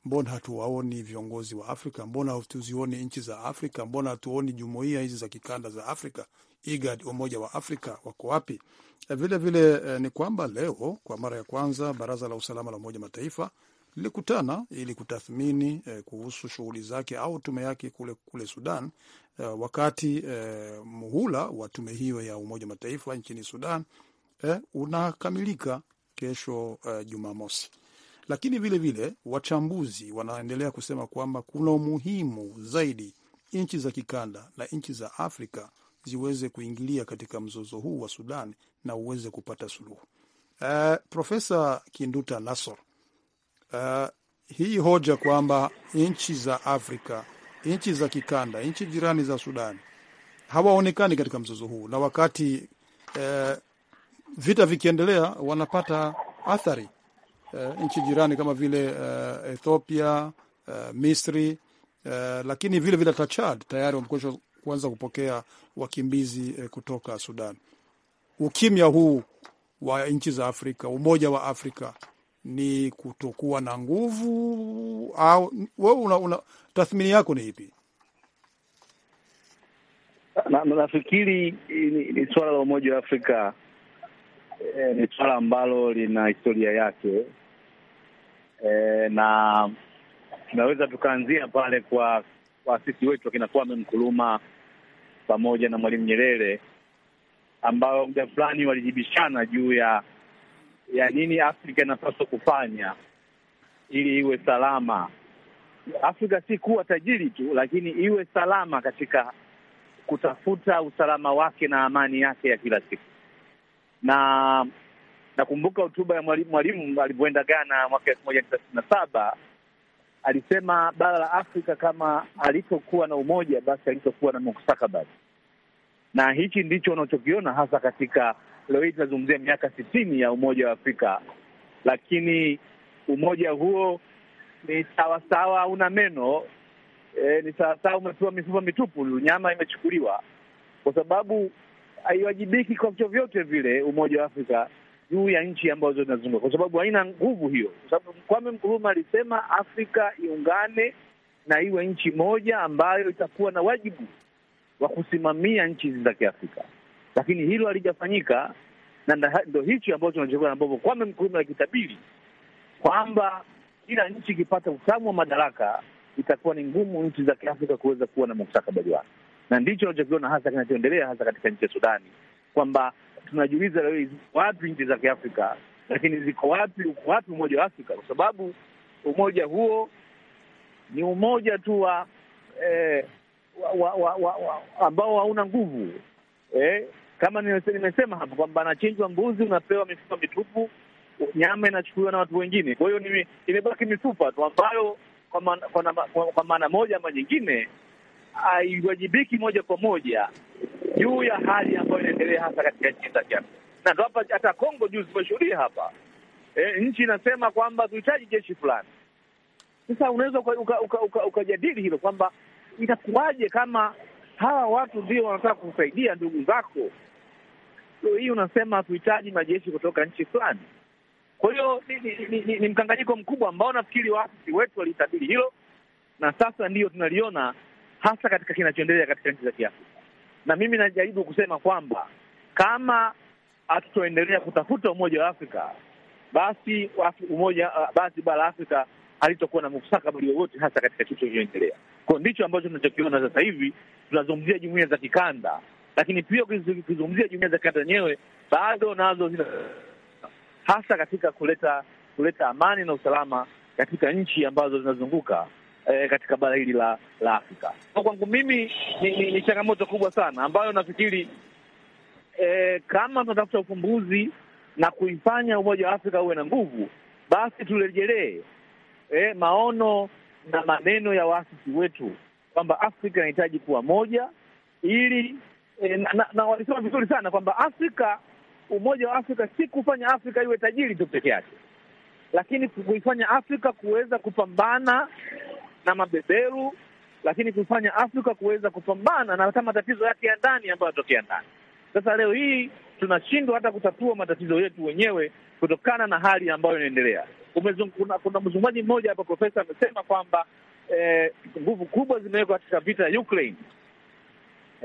mbona hatuwaoni viongozi wa Afrika? Mbona hatuzioni nchi za Afrika? Mbona hatuoni jumuiya hizi za kikanda za Afrika, IGAD, Umoja wa Afrika, wako wapi? Vilevile vile ni kwamba leo kwa mara ya kwanza Baraza la Usalama la Umoja Mataifa lilikutana ili kutathmini eh, kuhusu shughuli zake au tume yake kule, kule Sudan eh, wakati eh, muhula wa tume hiyo ya Umoja wa Mataifa nchini Sudan eh, unakamilika kesho eh, Jumamosi. Lakini vilevile vile, wachambuzi wanaendelea kusema kwamba kuna umuhimu zaidi nchi za kikanda na nchi za Afrika ziweze kuingilia katika mzozo huu wa Sudan na uweze kupata suluhu. Eh, Profesa Kinduta Nasor Uh, hii hoja kwamba nchi za Afrika, nchi za kikanda, nchi jirani za Sudan hawaonekani katika mzozo huu, na wakati uh, vita vikiendelea wanapata athari uh, nchi jirani kama vile uh, Ethiopia uh, Misri uh, lakini vile vile hata Chad tayari wamekwisha kuanza kupokea wakimbizi uh, kutoka Sudan. Ukimya huu wa nchi za Afrika, umoja wa Afrika ni kutokuwa na nguvu au wewe una, una tathmini yako ni ipi? Na, nafikiri ni, ni suala la Umoja wa Afrika e, ni suala ambalo lina historia yake e, na tunaweza tukaanzia pale kwa waasisi wetu akina Kwame Nkrumah pamoja na Mwalimu Nyerere ambao muda fulani walijibishana juu ya ya nini Afrika inapaswa kufanya ili iwe salama. Afrika si kuwa tajiri tu, lakini iwe salama katika kutafuta usalama wake na amani yake ya kila siku. Na nakumbuka hotuba ya Mwalimu, Mwalimu alivyoenda Ghana mwaka elfu moja tisa na saba alisema bara la Afrika kama alitokuwa na umoja basi alitokuwa na mustakabali, na hichi ndicho unachokiona hasa katika leo hii tunazungumzia miaka sitini ya Umoja wa Afrika, lakini umoja huo ni sawasawa una meno e, ni sawasawa umepewa mifupa mitupu, nyama imechukuliwa, kwa sababu haiwajibiki kwa vyovyote vile Umoja wa Afrika juu ya nchi ambazo zinazunguka, kwa sababu haina nguvu hiyo, kwa sababu Kwame Nkrumah alisema Afrika iungane na iwe nchi moja ambayo itakuwa na wajibu wa kusimamia nchi hizi za Kiafrika lakini hilo halijafanyika, na ndo hichi ambacho nachokuwa ambapo Kwame Nkrumah akitabiri kwamba kila nchi ikipata utamu wa madaraka itakuwa ni ngumu nchi za Kiafrika kuweza kuwa na mustakabali wake, na ndicho anachokiona hasa kinachoendelea hasa katika nchi ya Sudani, kwamba tunajiuliza leo wapi nchi za Kiafrika, lakini ziko wapi, uko wapi umoja wa Afrika? Kwa sababu umoja huo ni umoja tu wa, eh, wa, wa, wa, wa ambao hauna nguvu eh, kama nimesema hapo kwamba anachinjwa mbuzi, unapewa mifupa mitupu, nyama inachukuliwa na watu wengine. Kwa hiyo imebaki mifupa tu ambayo kwa maana moja ama nyingine haiwajibiki moja kwa moja juu ya hali ambayo inaendelea hasa katika nchi za Kiafrika, na ndo hapa hata Kongo juu zimeshuhudia hapa e, nchi inasema kwamba tuhitaji jeshi fulani. Sasa unaweza ukajadili uka, uka, uka, uka hilo kwamba itakuwaje kama hawa watu ndio wanataka kusaidia ndugu zako. So hii unasema hatuhitaji majeshi kutoka nchi fulani. Kwa hiyo ni, ni, ni, ni, ni mkanganyiko mkubwa ambao nafikiri waasisi wetu walitabiri hilo, na sasa ndiyo tunaliona hasa katika kinachoendelea katika nchi za Kiafrika. Na mimi najaribu kusema kwamba kama hatutoendelea kutafuta umoja wa Afrika basi umoja, basi bara la Afrika halitokuwa na mustakabali wowote, hasa katika kitu kinachoendelea. Kwa ndicho ambacho tunachokiona sasa hivi. Tunazungumzia jumuia za kikanda, lakini pia ukizungumzia jumuia za kikanda yenyewe bado nazo zina hasa katika kuleta kuleta amani na usalama katika nchi ambazo zinazunguka eh, katika bara hili la, la Afrika. Kwa kwangu mimi ni, ni, ni changamoto kubwa sana ambayo nafikiri eh, kama tunatafuta ufumbuzi na kuifanya Umoja wa Afrika uwe na nguvu, basi turejelee eh, maono na maneno ya waasisi wetu kwamba Afrika inahitaji kuwa moja ili e, na, na, na walisema vizuri sana kwamba Afrika, umoja wa Afrika si kufanya Afrika iwe tajiri tu peke yake, lakini kuifanya Afrika kuweza kupambana na mabeberu, lakini kuifanya Afrika kuweza kupambana na hata matatizo yake ya ndani ambayo yanatokea ndani. Sasa leo hii tunashindwa hata kutatua matatizo yetu wenyewe kutokana na hali ambayo inaendelea. Kuna, kuna mmoja hapa profesa amesema kwamba eh, nguvu kubwa zimewekwa katika vita ya Ukraine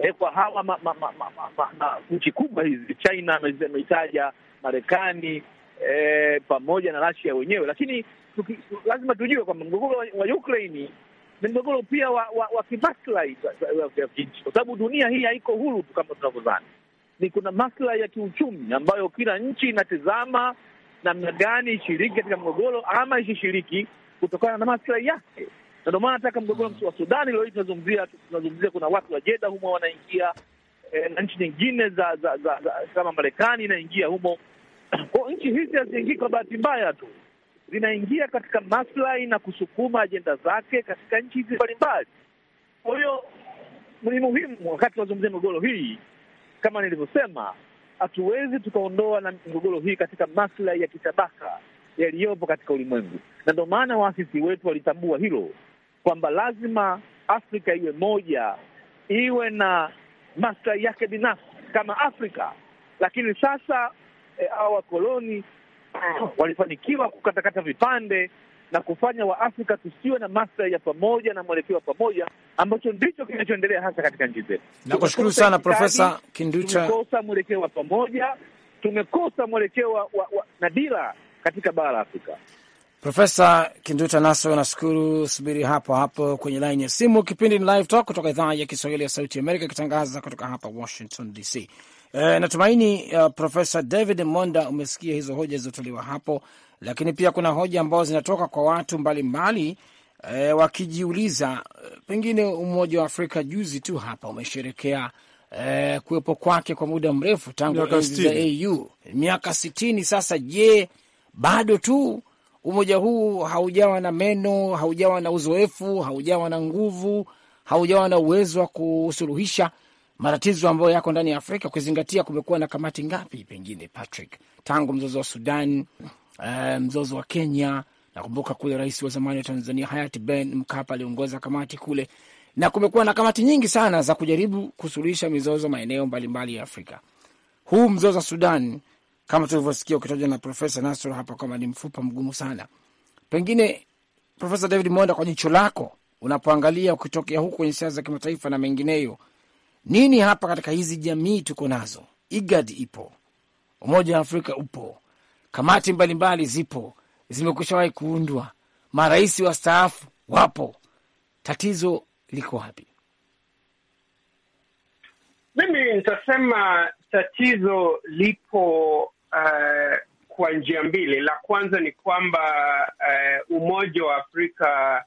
eh, kwa hawa ma, ma, ma, ma, ma, ma, nchi kubwa hizi China ameitaja Marekani eh, pamoja na Russia wenyewe, lakini tuki, lazima tujue kwamba mgogoro wa, wa Ukraine ni mgogoro pia wa, wa, wa kimaslahi ya nchi, kwa sababu dunia hii haiko huru kama tunavyodhani. Ni kuna maslahi ya kiuchumi ambayo kila nchi inatizama namna gani ishiriki katika mgogoro ama isishiriki kutokana na maslahi yake. Ndio maana nataka mgogoro wa Sudani leo hii tunazungumzia, tunazungumzia kuna watu wa Jeda humo wanaingia eh, na nchi nyingine za za za kama Marekani inaingia humo. Kwa nchi hizi haziingii kwa bahati mbaya tu, zinaingia katika maslahi na kusukuma ajenda zake katika nchi hizi mbalimbali. Kwa hiyo ni muhimu wakati tunazungumzia migogoro hii, kama nilivyosema, hatuwezi tukaondoa na migogoro hii katika maslahi ya kitabaka yaliyopo katika ulimwengu, na ndio maana waasisi wetu walitambua hilo kwamba lazima Afrika iwe moja, iwe na maslahi yake binafsi kama Afrika. Lakini sasa e, hawa wakoloni walifanikiwa kukatakata vipande na kufanya Waafrika tusiwe na maslahi ya pamoja na mwelekeo wa pamoja, ambacho ndicho kinachoendelea hasa katika nchi zetu. Nakushukuru sana Profesa Kinducha. Tumekosa mwelekeo wa pamoja, tumekosa mwelekeo wa, wa, na dira katika bara la Afrika. Profesa Kinduta Naso, nashukuru. Subiri hapo hapo kwenye laini ya simu. Kipindi ni Live Talk kutoka idhaa ya Kiswahili ya Sauti Amerika, ikitangaza kutoka hapa Washington DC. E, eh, natumaini uh, Profesa David Monda, umesikia hizo hoja zilizotolewa hapo lakini pia kuna hoja ambazo zinatoka kwa watu mbalimbali mbali, eh, e, wakijiuliza eh, pengine Umoja wa Afrika juzi tu hapa umesherekea e, kuwepo kwake kwa muda mrefu tangu enzi za AU miaka sitini sasa. Je, bado tu umoja huu haujawa na meno, haujawa na uzoefu, haujawa na nguvu, haujawa na uwezo wa kusuluhisha matatizo ambayo yako ndani ya Afrika, ukizingatia kumekuwa na kamati ngapi pengine Patrick, tangu mzozo wa Sudan Eh, mzozo wa Kenya. Nakumbuka kule rais wa zamani wa Tanzania hayati Ben Mkapa aliongoza kamati kule, na kumekuwa na kamati nyingi sana za kujaribu kusuluhisha mizozo maeneo mbalimbali ya Afrika. Huu mzozo wa Sudan kama tulivyosikia ukitajwa na Profesa Nasr hapa kwamba ni mfupa mgumu sana. Pengine Profesa David Monda, kwa jicho lako unapoangalia ukitokea huku kwenye siasa za kimataifa na mengineyo, nini hapa katika hizi jamii tuko nazo? IGAD ipo, Umoja wa Afrika upo, kamati mbalimbali zipo, zimekusha wahi kuundwa, marais wastaafu wapo. Tatizo liko wapi? Mimi nitasema tatizo lipo uh, kwa njia mbili. La kwanza ni kwamba uh, Umoja wa Afrika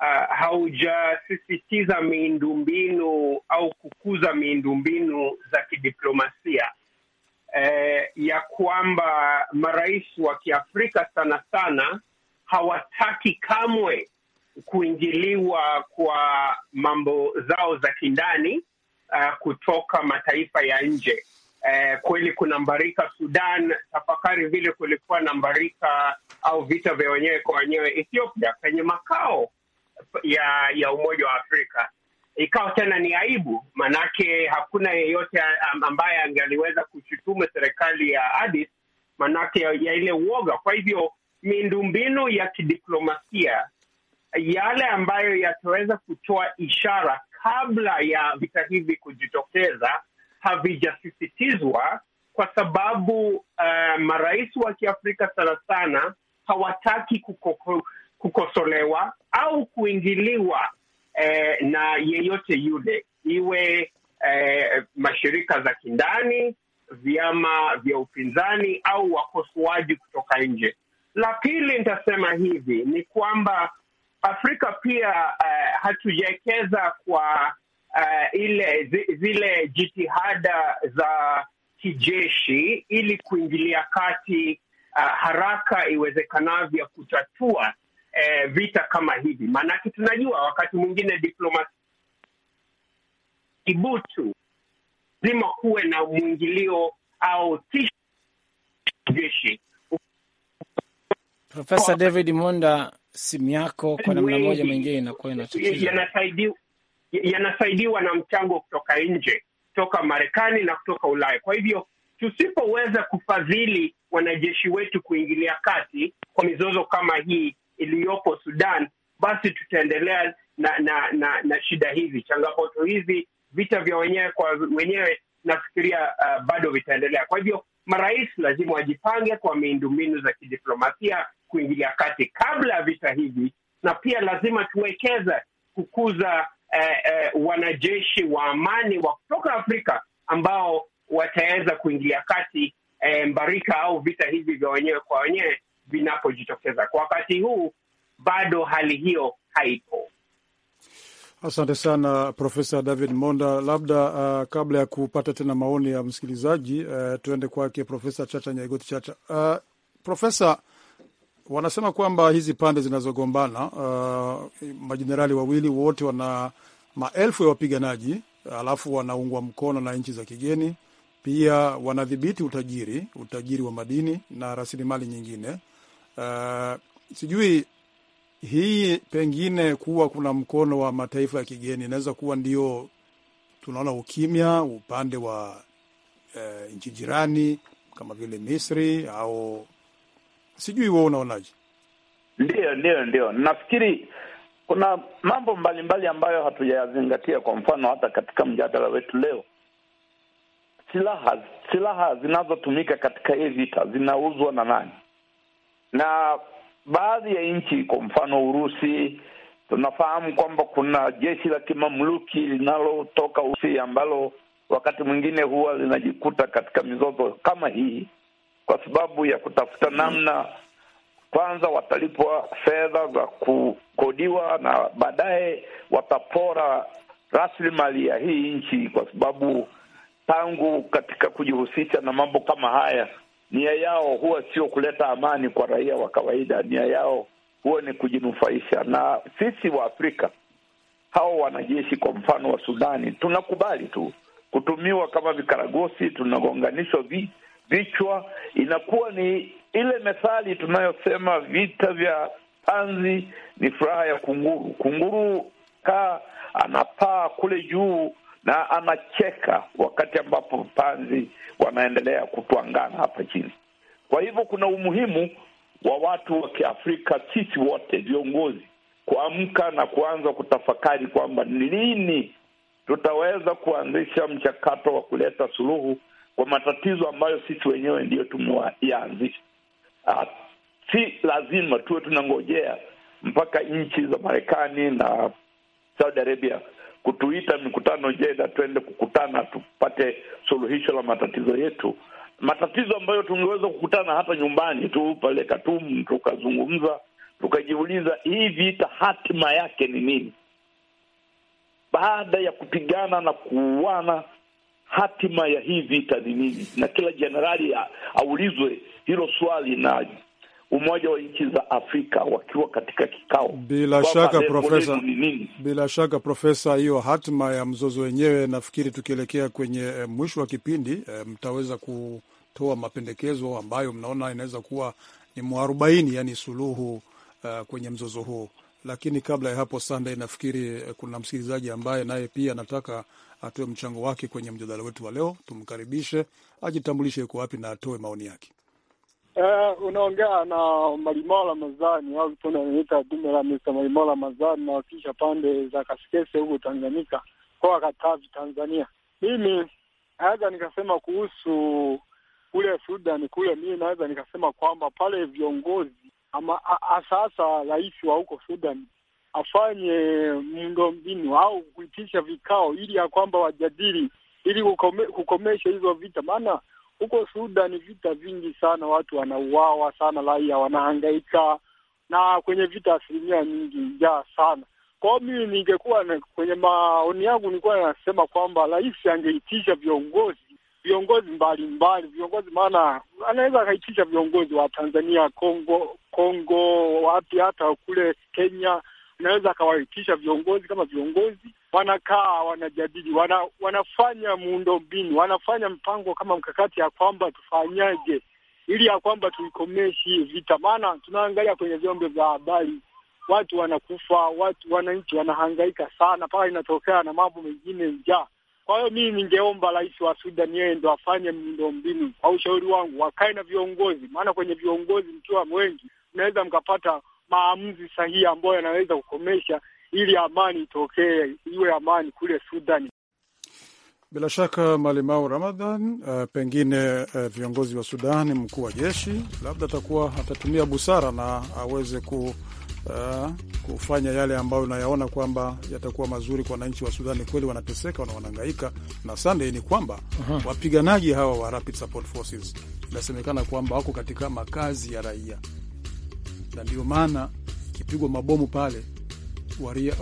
uh, haujasisitiza miundombinu au kukuza miundombinu za kidiplomasia eh, ya kwamba marais wa Kiafrika sana sana hawataki kamwe kuingiliwa kwa mambo zao za kindani uh, kutoka mataifa ya nje. Eh, kweli kuna mbarika Sudan. Tafakari vile kulikuwa na mbarika au vita vya wenyewe kwa wenyewe Ethiopia kwenye makao ya ya Umoja wa Afrika ikawa tena ni aibu, manake hakuna yeyote ambaye angaliweza kushutumu serikali ya Addis manake ya, ya ile uoga. Kwa hivyo miundombinu ya kidiplomasia yale ambayo yataweza kutoa ishara kabla ya vita hivi kujitokeza havijasisitizwa, kwa sababu uh, marais wa Kiafrika sana sana hawataki kuko, kukosolewa au kuingiliwa eh, na yeyote yule iwe eh, mashirika za kindani, vyama vya upinzani au wakosoaji kutoka nje. La pili nitasema hivi ni kwamba Afrika pia eh, hatujawekeza kwa eh, ile zile jitihada za kijeshi ili kuingilia kati uh, haraka iwezekanavyo kutatua eh, vita kama hivi, maanake tunajua wakati mwingine diplomasi kibutu lazima kuwe na mwingilio au jeshi. Profesa David Monda, simu yako kwa namna moja mwingine inakuwa inatatiza, yanasaidiwa na mchango kutoka nje, kutoka Marekani na kutoka Ulaya. Kwa hivyo tusipoweza kufadhili wanajeshi wetu kuingilia kati kwa mizozo kama hii, iliyopo Sudan, basi tutaendelea na na, na na shida hizi, changamoto hizi, vita vya wenyewe kwa wenyewe, nafikiria uh, bado vitaendelea. Kwa hivyo marais lazima wajipange kwa miundombinu za kidiplomasia kuingilia kati kabla ya vita hivi, na pia lazima tuwekeze kukuza eh, eh, wanajeshi wa amani wa kutoka Afrika ambao wataweza kuingilia kati eh, mbarika au vita hivi vya wenyewe kwa wenyewe vinapojitokeza. Kwa wakati huu bado hali hiyo haipo. Asante sana Profesa David Monda. Labda uh, kabla ya kupata tena maoni ya msikilizaji uh, tuende kwake Profesa Chacha Nyaigoti Chacha. Uh, profesa, wanasema kwamba hizi pande zinazogombana uh, majenerali wawili wote wana maelfu ya wapiganaji alafu wanaungwa mkono na nchi za kigeni, pia wanadhibiti utajiri utajiri wa madini na rasilimali nyingine. Uh, sijui hii pengine kuwa kuna mkono wa mataifa ya kigeni inaweza kuwa ndio tunaona ukimya upande wa uh, nchi jirani kama vile Misri au sijui, wewe unaonaje? Ndiyo, ndiyo, ndiyo, nafikiri kuna mambo mbalimbali mbali ambayo hatujayazingatia. Kwa mfano hata katika mjadala wetu leo, silaha silaha zinazotumika katika hii vita zinauzwa na nani? na baadhi ya nchi, kwa mfano Urusi, tunafahamu kwamba kuna jeshi la kimamluki linalotoka Urusi ambalo wakati mwingine huwa linajikuta katika mizozo kama hii kwa sababu ya kutafuta mm-hmm. namna kwanza watalipwa fedha za kukodiwa na baadaye watapora rasilimali ya hii nchi, kwa sababu tangu katika kujihusisha na mambo kama haya nia yao huwa sio kuleta amani kwa raia wa kawaida, nia yao huwa ni kujinufaisha. Na sisi wa Afrika, hao wanajeshi kwa mfano wa Sudani, tunakubali tu kutumiwa kama vikaragosi, tunagonganishwa vi, vichwa. Inakuwa ni ile methali tunayosema vita vya panzi ni furaha ya kunguru. Kunguru kaa anapaa kule juu na anacheka wakati ambapo panzi wanaendelea kutwangana hapa chini. Kwa hivyo kuna umuhimu wa watu wa Kiafrika, sisi wote viongozi, kuamka na kuanza kutafakari kwamba ni lini tutaweza kuanzisha mchakato wa kuleta suluhu kwa matatizo ambayo sisi wenyewe ndiyo tumewayaanzisha. Ah, si lazima tuwe tunangojea mpaka nchi za Marekani na Saudi Arabia kutuita mikutano Jeda, twende kukutana tupate suluhisho la matatizo yetu, matatizo ambayo tungeweza kukutana hata nyumbani tu pale Katumu tukazungumza, tukajiuliza hii vita hatima yake ni nini? Baada ya kupigana na kuuana, hatima ya hii vita ni nini? Na kila jenerali aulizwe hilo swali na Umoja wa Nchi za Afrika wakiwa katika kikao. Bila shaka profesa, bila shaka profesa, hiyo hatima ya mzozo wenyewe, nafikiri tukielekea kwenye eh, mwisho wa kipindi eh, mtaweza kutoa mapendekezo ambayo mnaona inaweza kuwa ni mwarobaini, yani suluhu uh, kwenye mzozo huu. Lakini kabla ya hapo, Sunday, nafikiri kuna msikilizaji ambaye naye pia anataka atoe mchango wake kwenye mjadala wetu wa leo. Tumkaribishe, ajitambulishe, yuko wapi na atoe maoni yake. Eh, unaongea na Malimola Mazani au tunaita dume la Mr. Malimola Mazani, nawakilisha pande za Kasikese huku Tanganyika, kwa Katavi, Tanzania. Mimi naweza nikasema kuhusu kule Sudan kule, mimi naweza nikasema kwamba pale viongozi ama asasa rais wa huko Sudan afanye miundombinu au kuitisha vikao ili ya kwamba wajadili ili kukome, kukomesha hizo vita maana huko Sudan vita vingi sana, watu wanauawa sana, raia wanahangaika, na kwenye vita asilimia nyingi jaa sana. Kwa hiyo mimi ningekuwa kwenye maoni yangu nilikuwa nasema kwamba rais angeitisha viongozi viongozi mbalimbali viongozi, maana anaweza akaitisha viongozi wa Tanzania, Kongo, Kongo wapi, hata kule Kenya, anaweza akawaitisha viongozi kama viongozi wanakaa wanajadili, wana, wanafanya muundo mbinu, wanafanya mpango kama mkakati ya kwamba tufanyaje ili ya kwamba tuikomeshe vita. Maana tunaangalia kwenye vyombo vya habari, watu wanakufa, watu wananchi wanahangaika sana, mpaka inatokea na mambo mengine, njaa. Kwa hiyo mimi ningeomba rais wa Sudan yeye ndo afanye miundo mbinu. Kwa ushauri wangu, wakae na viongozi, maana kwenye viongozi mkiwa wengi mnaweza mkapata maamuzi sahihi ambayo yanaweza kukomesha ili amani itokee, iwe amani kule Sudani. Bila shaka Malimau Ramadhan, uh, eh, pengine uh, viongozi wa Sudan, mkuu wa jeshi labda atakuwa atatumia busara na aweze ku, uh, kufanya yale ambayo unayaona kwamba yatakuwa mazuri kwa wananchi wa Sudani. Kweli wanateseka na wanahangaika, na Sunday ni kwamba uh -huh. wapiganaji hawa wa Rapid Support Forces inasemekana kwamba wako katika makazi ya raia, na ndio maana ikipigwa mabomu pale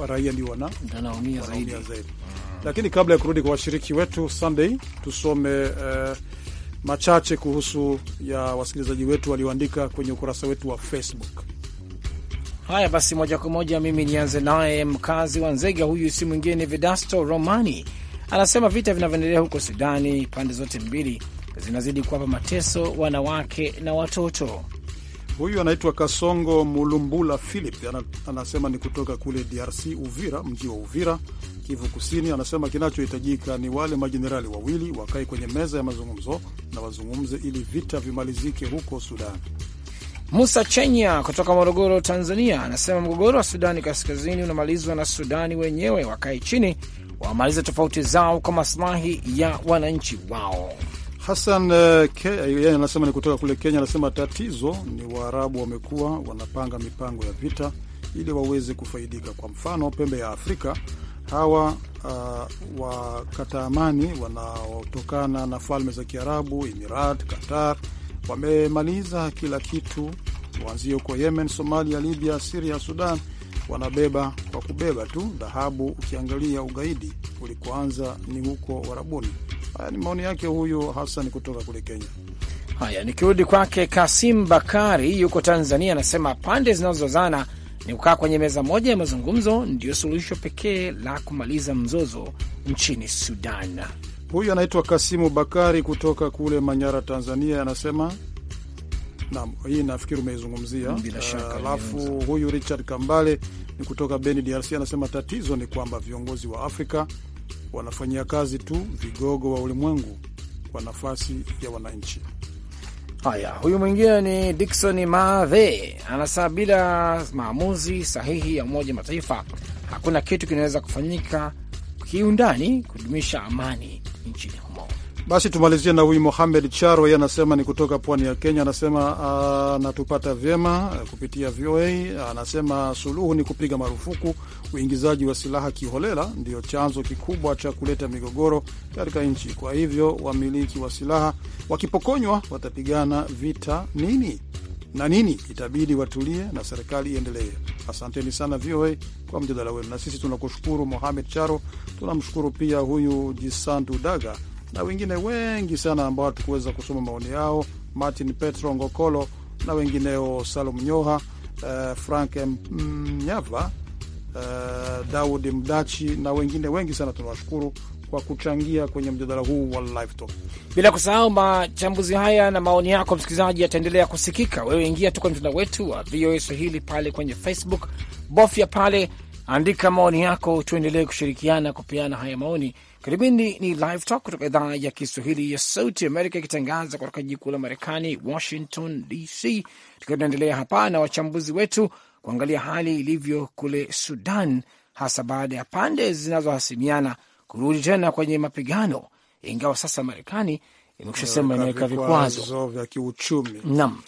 raia ndio wanaumia zaidi. Lakini kabla ya kurudi kwa washiriki wetu Sunday, tusome uh, machache kuhusu ya wasikilizaji wetu walioandika kwenye ukurasa wetu wa Facebook. Haya basi, moja kwa moja mimi nianze naye mkazi wa Nzega, huyu si mwingine Vedasto Romani. Anasema vita vinavyoendelea huko Sudani, pande zote mbili zinazidi kuwapa mateso wanawake na watoto. Huyu anaitwa Kasongo Mulumbula Philip, anasema ni kutoka kule DRC, Uvira, mji wa Uvira, Kivu Kusini. Anasema kinachohitajika ni wale majenerali wawili wakae kwenye meza ya mazungumzo na wazungumze ili vita vimalizike huko Sudan. Musa Chenya kutoka Morogoro, Tanzania, anasema mgogoro wa Sudani Kaskazini unamalizwa na Sudani wenyewe, wakae chini wamalize tofauti zao kwa maslahi ya wananchi wao. Hassan eh, eh, yeye uh, anasema ni kutoka kule Kenya. Anasema tatizo ni Waarabu wamekuwa wanapanga mipango ya vita ili waweze kufaidika. Kwa mfano, pembe ya Afrika hawa uh, ah, wakata amani wanaotokana na falme za Kiarabu, Emirat, Qatar wamemaliza kila kitu, kuanzia huko Yemen, Somalia, Libya, Siria, Sudan wanabeba kwa kubeba tu dhahabu. Ukiangalia ugaidi ulikoanza ni huko Warabuni. Haya ni maoni yake huyo Hasani kutoka kule Kenya. Haya, nikirudi kwake Kasim Bakari yuko Tanzania, anasema pande zinazozozana ni kukaa kwenye meza moja ya mazungumzo ndiyo suluhisho pekee la kumaliza mzozo nchini Sudan. Huyu anaitwa Kasimu Bakari kutoka kule Manyara, Tanzania, anasema Naam, hii nafikiri umeizungumzia mm, bila eh, Alafu uh, huyu Richard Kambale ni kutoka Beni, DRC, anasema tatizo ni kwamba viongozi wa Afrika wanafanyia kazi tu vigogo wa ulimwengu kwa nafasi ya wananchi. Haya, huyu mwingine ni Dikson Mave anasema bila maamuzi sahihi ya Umoja Mataifa hakuna kitu kinaweza kufanyika kiundani kudumisha amani nchini basi tumalizie na huyu Mohamed Charo, yeye anasema ni kutoka pwani ya Kenya. Anasema anatupata ah, vyema eh, kupitia VOA. Ah, anasema suluhu ni kupiga marufuku uingizaji wa silaha kiholela, ndiyo chanzo kikubwa cha kuleta migogoro katika nchi. Kwa hivyo wamiliki wa silaha wakipokonywa, watapigana vita nini na nini? Itabidi watulie na serikali iendelee. Asanteni sana VOA kwa mjadala wenu, na sisi tunakushukuru Mohamed Charo. Tunamshukuru pia huyu Jisandu Daga na wengine wengi sana ambao hatukuweza kusoma maoni yao, Martin Petro Ngokolo na wengineo, Salum Nyoha, uh, Frank Mnyava, uh, eh, Daudi Mdachi na wengine wengi sana. Tunawashukuru kwa kuchangia kwenye mjadala huu wa Live Talk, bila kusahau machambuzi haya na maoni yako msikilizaji yataendelea kusikika. Wewe ingia tu kwenye mtandao wetu wa VOA Swahili pale kwenye Facebook, bofya pale, andika maoni yako, tuendelee kushirikiana kupeana haya maoni Kipindi ni Live Talk kutoka idhaa ya Kiswahili ya Sauti Amerika, ikitangaza kutoka jiji kuu la Marekani, Washington DC, tukiwa tunaendelea hapa na wachambuzi wetu kuangalia hali ilivyo kule Sudan, hasa baada ya pande zinazohasimiana kurudi tena kwenye mapigano, ingawa sasa Marekani imekusha sema imeweka vikwazo vya kiuchumi. Naam.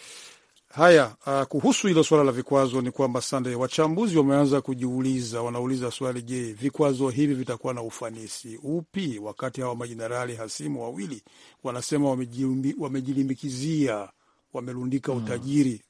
Haya, uh, kuhusu hilo suala la vikwazo ni kwamba sande wachambuzi wameanza kujiuliza, wanauliza swali, je, vikwazo hivi vitakuwa na ufanisi upi wakati hawa majenerali hasimu wawili wanasema wamejilimbikizia, wamerundika hmm. utajiri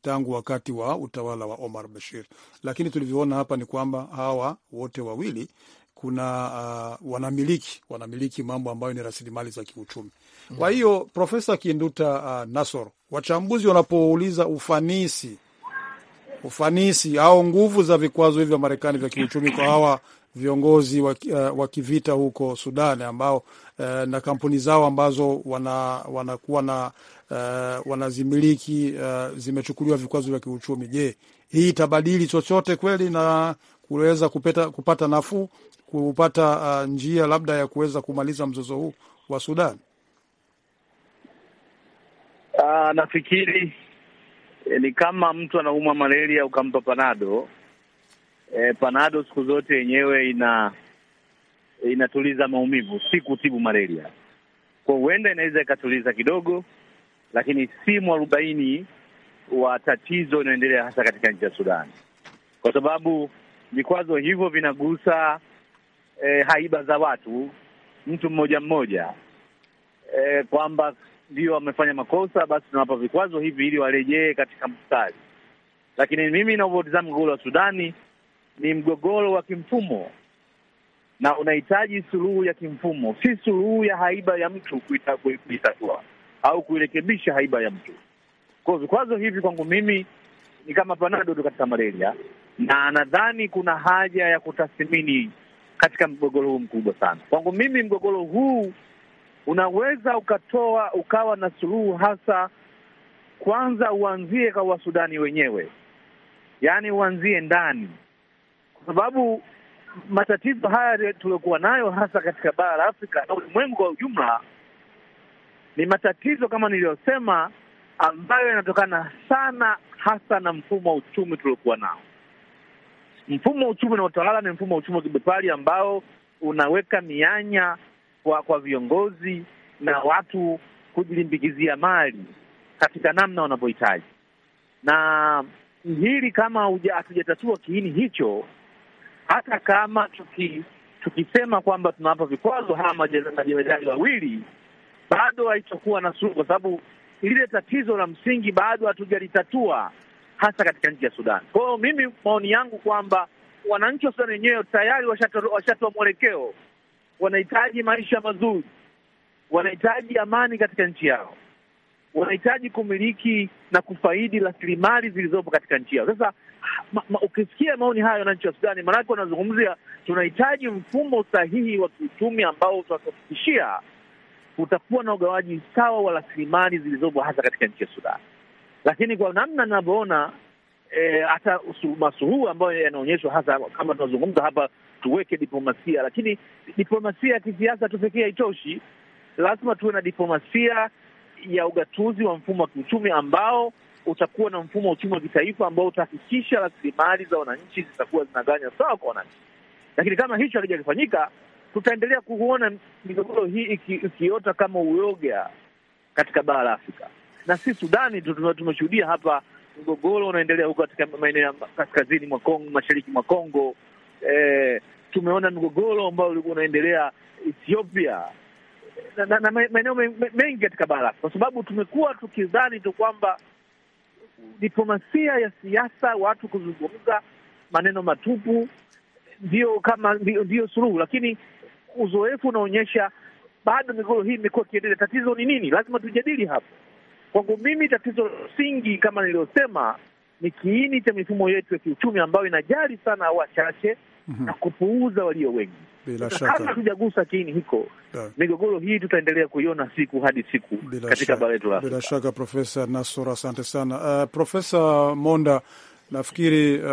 tangu wakati wa utawala wa Omar Bashir. Lakini tulivyoona hapa ni kwamba hawa wote wawili kuna uh, wanamiliki wanamiliki mambo ambayo ni rasilimali za kiuchumi. Kwa hiyo Profesa Kinduta uh, Nasor, wachambuzi wanapouliza ufanisi ufanisi au nguvu za vikwazo hivi vya Marekani vya kiuchumi kwa hawa viongozi wa uh, kivita huko Sudan ambao uh, na kampuni zao ambazo wanakuwa wana na uh, wanazimiliki uh, zimechukuliwa vikwazo vya kiuchumi. Je, hii itabadili chochote kweli na kuweza kupata, kupata nafuu kupata uh, njia labda ya kuweza kumaliza mzozo huu wa Sudan? Aa, ah, nafikiri e, ni kama mtu anaumwa malaria ukampa panado. E, panado siku zote yenyewe ina inatuliza maumivu, si kutibu malaria. Kwa huenda inaweza ikatuliza kidogo, lakini si mwarobaini wa tatizo inaendelea hasa katika nchi ya Sudan, kwa sababu vikwazo hivyo vinagusa e, haiba za watu mtu mmoja mmoja e, kwamba ndio wamefanya makosa, basi tunawapa vikwazo hivi ili warejee katika mstari. Lakini mimi navyotizama mgogoro wa Sudani ni mgogoro wa kimfumo na unahitaji suluhu ya kimfumo, si suluhu ya haiba ya mtu kuitatua au kuirekebisha haiba ya mtu. Kwa vikwazo hivi kwangu mimi ni kama panado tu katika malaria, na nadhani kuna haja ya kutathmini katika mgogoro huu mkubwa sana. Kwangu mimi mgogoro huu unaweza ukatoa ukawa na suluhu hasa. Kwanza uanzie kwa Wasudani wenyewe, yaani uanzie ndani, kwa sababu matatizo haya tuliokuwa nayo hasa katika bara la Afrika na ulimwengu kwa ujumla ni matatizo kama niliyosema, ambayo yanatokana sana hasa na mfumo wa uchumi tuliokuwa nao. Mfumo wa uchumi na utawala ni mfumo wa uchumi wa kibepari ambao unaweka mianya kwa, kwa viongozi na watu kujilimbikizia mali katika namna wanavyohitaji, na hili kama hatujatatua kiini hicho, hata kama tuki, tukisema kwamba tunawapa vikwazo hawa majemadari wawili, bado haitakuwa na suluhu, kwa sababu lile tatizo la msingi bado hatujalitatua hasa katika nchi ya Sudan. Kwa hiyo mimi maoni yangu kwamba wananchi wa Sudan wenyewe tayari washatoa mwelekeo wanahitaji maisha mazuri, wanahitaji amani katika nchi yao, wanahitaji kumiliki na kufaidi rasilimali zilizopo katika nchi yao. Sasa ma, ma, ukisikia maoni hayo wananchi wa Sudani, maanake wanazungumzia tunahitaji mfumo sahihi wa kiuchumi ambao utatuhakikishia utakuwa na ugawaji sawa wa rasilimali zilizopo hasa katika nchi ya Sudani. Lakini kwa namna ninavyoona eh, hata e, masuhuu ambayo yanaonyeshwa hasa kama tunazungumza hapa tuweke diplomasia, lakini diplomasia ya kisiasa tu pekee haitoshi. Lazima tuwe na diplomasia ya ugatuzi wa mfumo wa kiuchumi ambao utakuwa na mfumo wa uchumi wa kitaifa ambao utahakikisha rasilimali za wananchi zitakuwa zinaganya sawa kwa wananchi. Lakini kama hicho kifanyika tutaendelea kuona migogoro hii iki, ikiota kama uyoga katika bara la Afrika, na si Sudani tu. Tumeshuhudia hapa mgogoro unaendelea huko katika maeneo ya kaskazini mwa Kongo, mashariki mwa Kongo e, tumeona mgogoro ambao ulikuwa unaendelea Ethiopia na, na, na maeneo mengi katika bara, kwa sababu tumekuwa tukidhani tu kwamba diplomasia ya siasa, watu kuzungumza maneno matupu ndio kama ndiyo suluhu, lakini uzoefu unaonyesha bado migogoro hii imekuwa ikiendelea. Tatizo ni nini? Lazima tujadili hapo. Kwangu mimi, tatizo la msingi kama niliyosema ni kiini cha mifumo yetu ya kiuchumi ambayo inajali sana wachache mm -hmm. na kupuuza walio wengi. Bila shaka kama hatujagusa kiini hiko, migogoro hii tutaendelea kuiona siku hadi siku bila katika bara letu la Afrika. Bila shaka, Profesa Nasor, asante sana. Uh, Profesa Monda, nafikiri uh,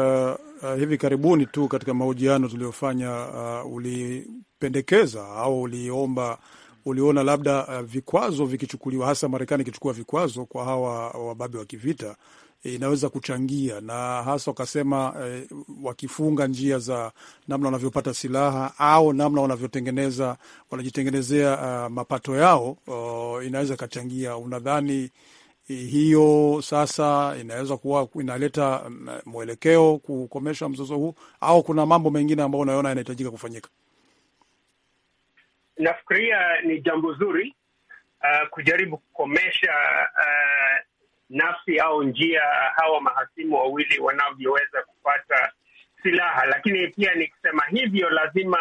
uh, hivi karibuni tu katika mahojiano tuliyofanya uh, ulipendekeza au uliomba uliona labda uh, vikwazo vikichukuliwa hasa Marekani ikichukua vikwazo kwa hawa wababe wa kivita inaweza kuchangia, na hasa wakasema eh, wakifunga njia za namna wanavyopata silaha au namna wanavyotengeneza wanajitengenezea uh, mapato yao uh, inaweza ikachangia. Unadhani eh, hiyo sasa inaweza kuwa inaleta mm, mwelekeo kukomesha mzozo huu au kuna mambo mengine ambayo unaona yanahitajika kufanyika? Nafikiria ni jambo zuri uh, kujaribu kukomesha uh, nafsi au njia hawa mahasimu wawili wanavyoweza kupata silaha. Lakini pia nikisema hivyo, lazima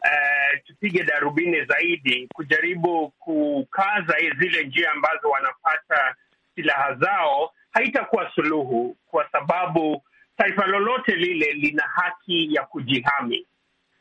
uh, tupige darubini zaidi kujaribu kukaza zile njia ambazo wanapata silaha zao. Haitakuwa suluhu, kwa sababu taifa lolote lile lina haki ya kujihami,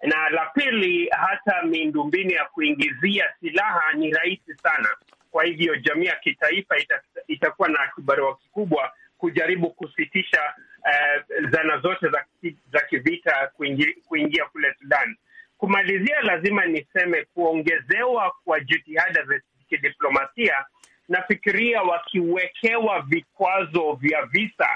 na la pili, hata miundombinu ya kuingizia silaha ni rahisi sana kwa hivyo jamii ya kitaifa ita, itakuwa na kibarua kikubwa kujaribu kusitisha uh, zana zote za, za kivita kuingia, kuingia kule Sudan. Kumalizia, lazima niseme kuongezewa kwa jitihada za kidiplomasia, nafikiria wakiwekewa vikwazo vya visa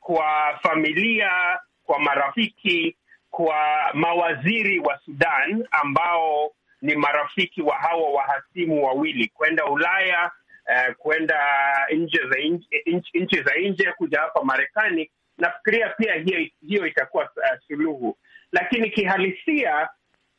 kwa familia, kwa marafiki, kwa mawaziri wa Sudan ambao ni marafiki wa hawa wahasimu wawili kwenda Ulaya, uh, kwenda nchi za nje kuja hapa Marekani. Nafikiria pia hiyo, hiyo itakuwa uh, suluhu, lakini kihalisia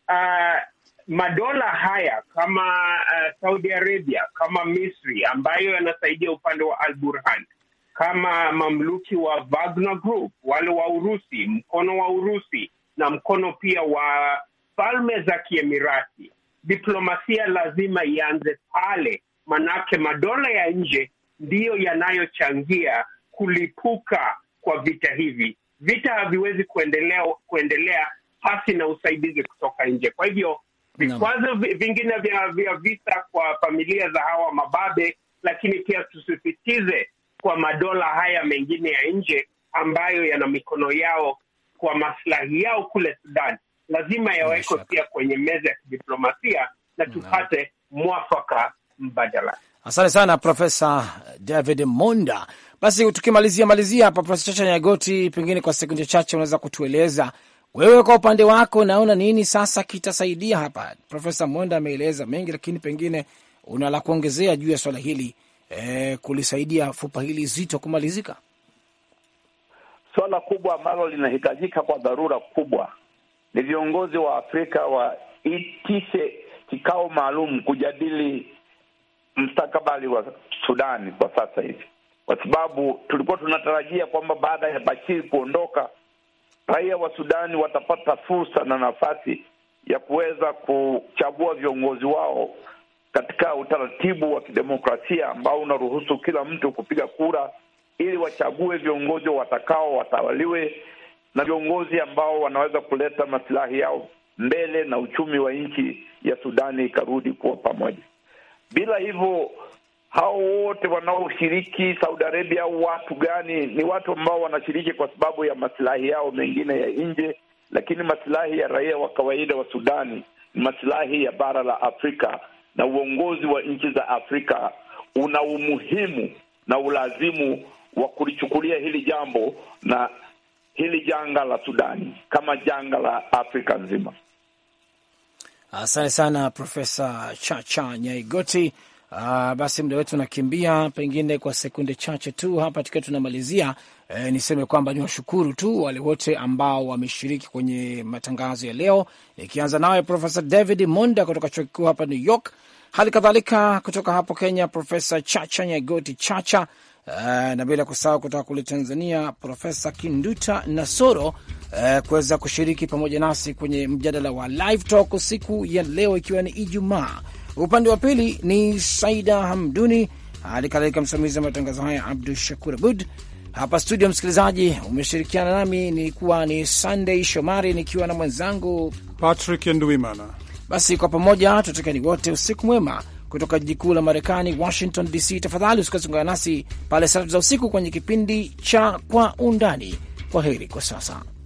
uh, madola haya kama uh, Saudi Arabia kama Misri ambayo yanasaidia upande wa Al Burhan kama mamluki wa Wagner Group wale wa Urusi, mkono wa Urusi na mkono pia wa falme za Kiemirati, diplomasia lazima ianze pale, manake madola ya nje ndiyo yanayochangia kulipuka kwa vita hivi. Vita haviwezi kuendelea, kuendelea pasi na usaidizi kutoka nje. Kwa hivyo vikwazo vingine vya, vya vita kwa familia za hawa mababe, lakini pia tusisitize kwa madola haya mengine ya nje ambayo yana mikono yao kwa maslahi yao kule Sudan lazima yawekwe pia kwenye meza ya kidiplomasia na tupate mwafaka mbadala. Asante sana Profesa David Monda. Basi tukimalizia malizia hapa, Profesa Chacha Nyagoti, pengine kwa sekunde chache unaweza kutueleza wewe kwa upande wako naona nini sasa kitasaidia hapa? Profesa Monda ameeleza mengi, lakini pengine una la kuongezea juu ya swala hili e, kulisaidia fupa hili zito kumalizika. Swala kubwa ambalo linahitajika kwa dharura kubwa ni viongozi wa Afrika waitishe kikao maalum kujadili mstakabali wa Sudani kwa sasa hivi, kwa sababu tulikuwa tunatarajia kwamba baada ya Bashir kuondoka, raia wa Sudani watapata fursa na nafasi ya kuweza kuchagua viongozi wao katika utaratibu wa kidemokrasia ambao unaruhusu kila mtu kupiga kura ili wachague viongozi watakao watawaliwe na viongozi ambao wanaweza kuleta masilahi yao mbele na uchumi wa nchi ya Sudani ikarudi kuwa pamoja. Bila hivyo, hao wote wanaoshiriki Saudi Arabia au watu gani, ni watu ambao wanashiriki kwa sababu ya masilahi yao mengine ya nje, lakini masilahi ya raia wa kawaida wa Sudani ni masilahi ya bara la Afrika, na uongozi wa nchi za Afrika una umuhimu na ulazimu wa kulichukulia hili jambo na hili janga la Sudani kama janga la Afrika nzima. Asante sana Profesa Chacha Nyaigoti. Uh, basi muda wetu unakimbia, pengine kwa sekunde chache tu hapa tukiwa tunamalizia. eh, niseme kwamba ni washukuru tu wale wote ambao wameshiriki kwenye matangazo ya leo, nikianza nawe Profesa David Monda kutoka chuo kikuu hapa New York, hali kadhalika kutoka hapo Kenya Profesa Chacha Nyaigoti Chacha Uh, na bila kusahau kutoka kule Tanzania Profesa Kinduta Nasoro uh, kuweza kushiriki pamoja nasi kwenye mjadala wa live talk siku ya leo ikiwa ni Ijumaa. Upande wa pili ni Saida Hamduni, hali kadhalika msimamizi wa matangazo haya Abdu Shakur Abud. Hapa studio, msikilizaji, umeshirikiana nami nilikuwa ni Sunday Shomari nikiwa na mwenzangu Patrick Nduimana. Basi kwa pamoja tutakieni wote usiku mwema kutoka jiji kuu la Marekani, Washington DC. Tafadhali usikazungana nasi pale saa tatu za usiku kwenye kipindi cha Kwa Undani. Kwa heri kwa sasa.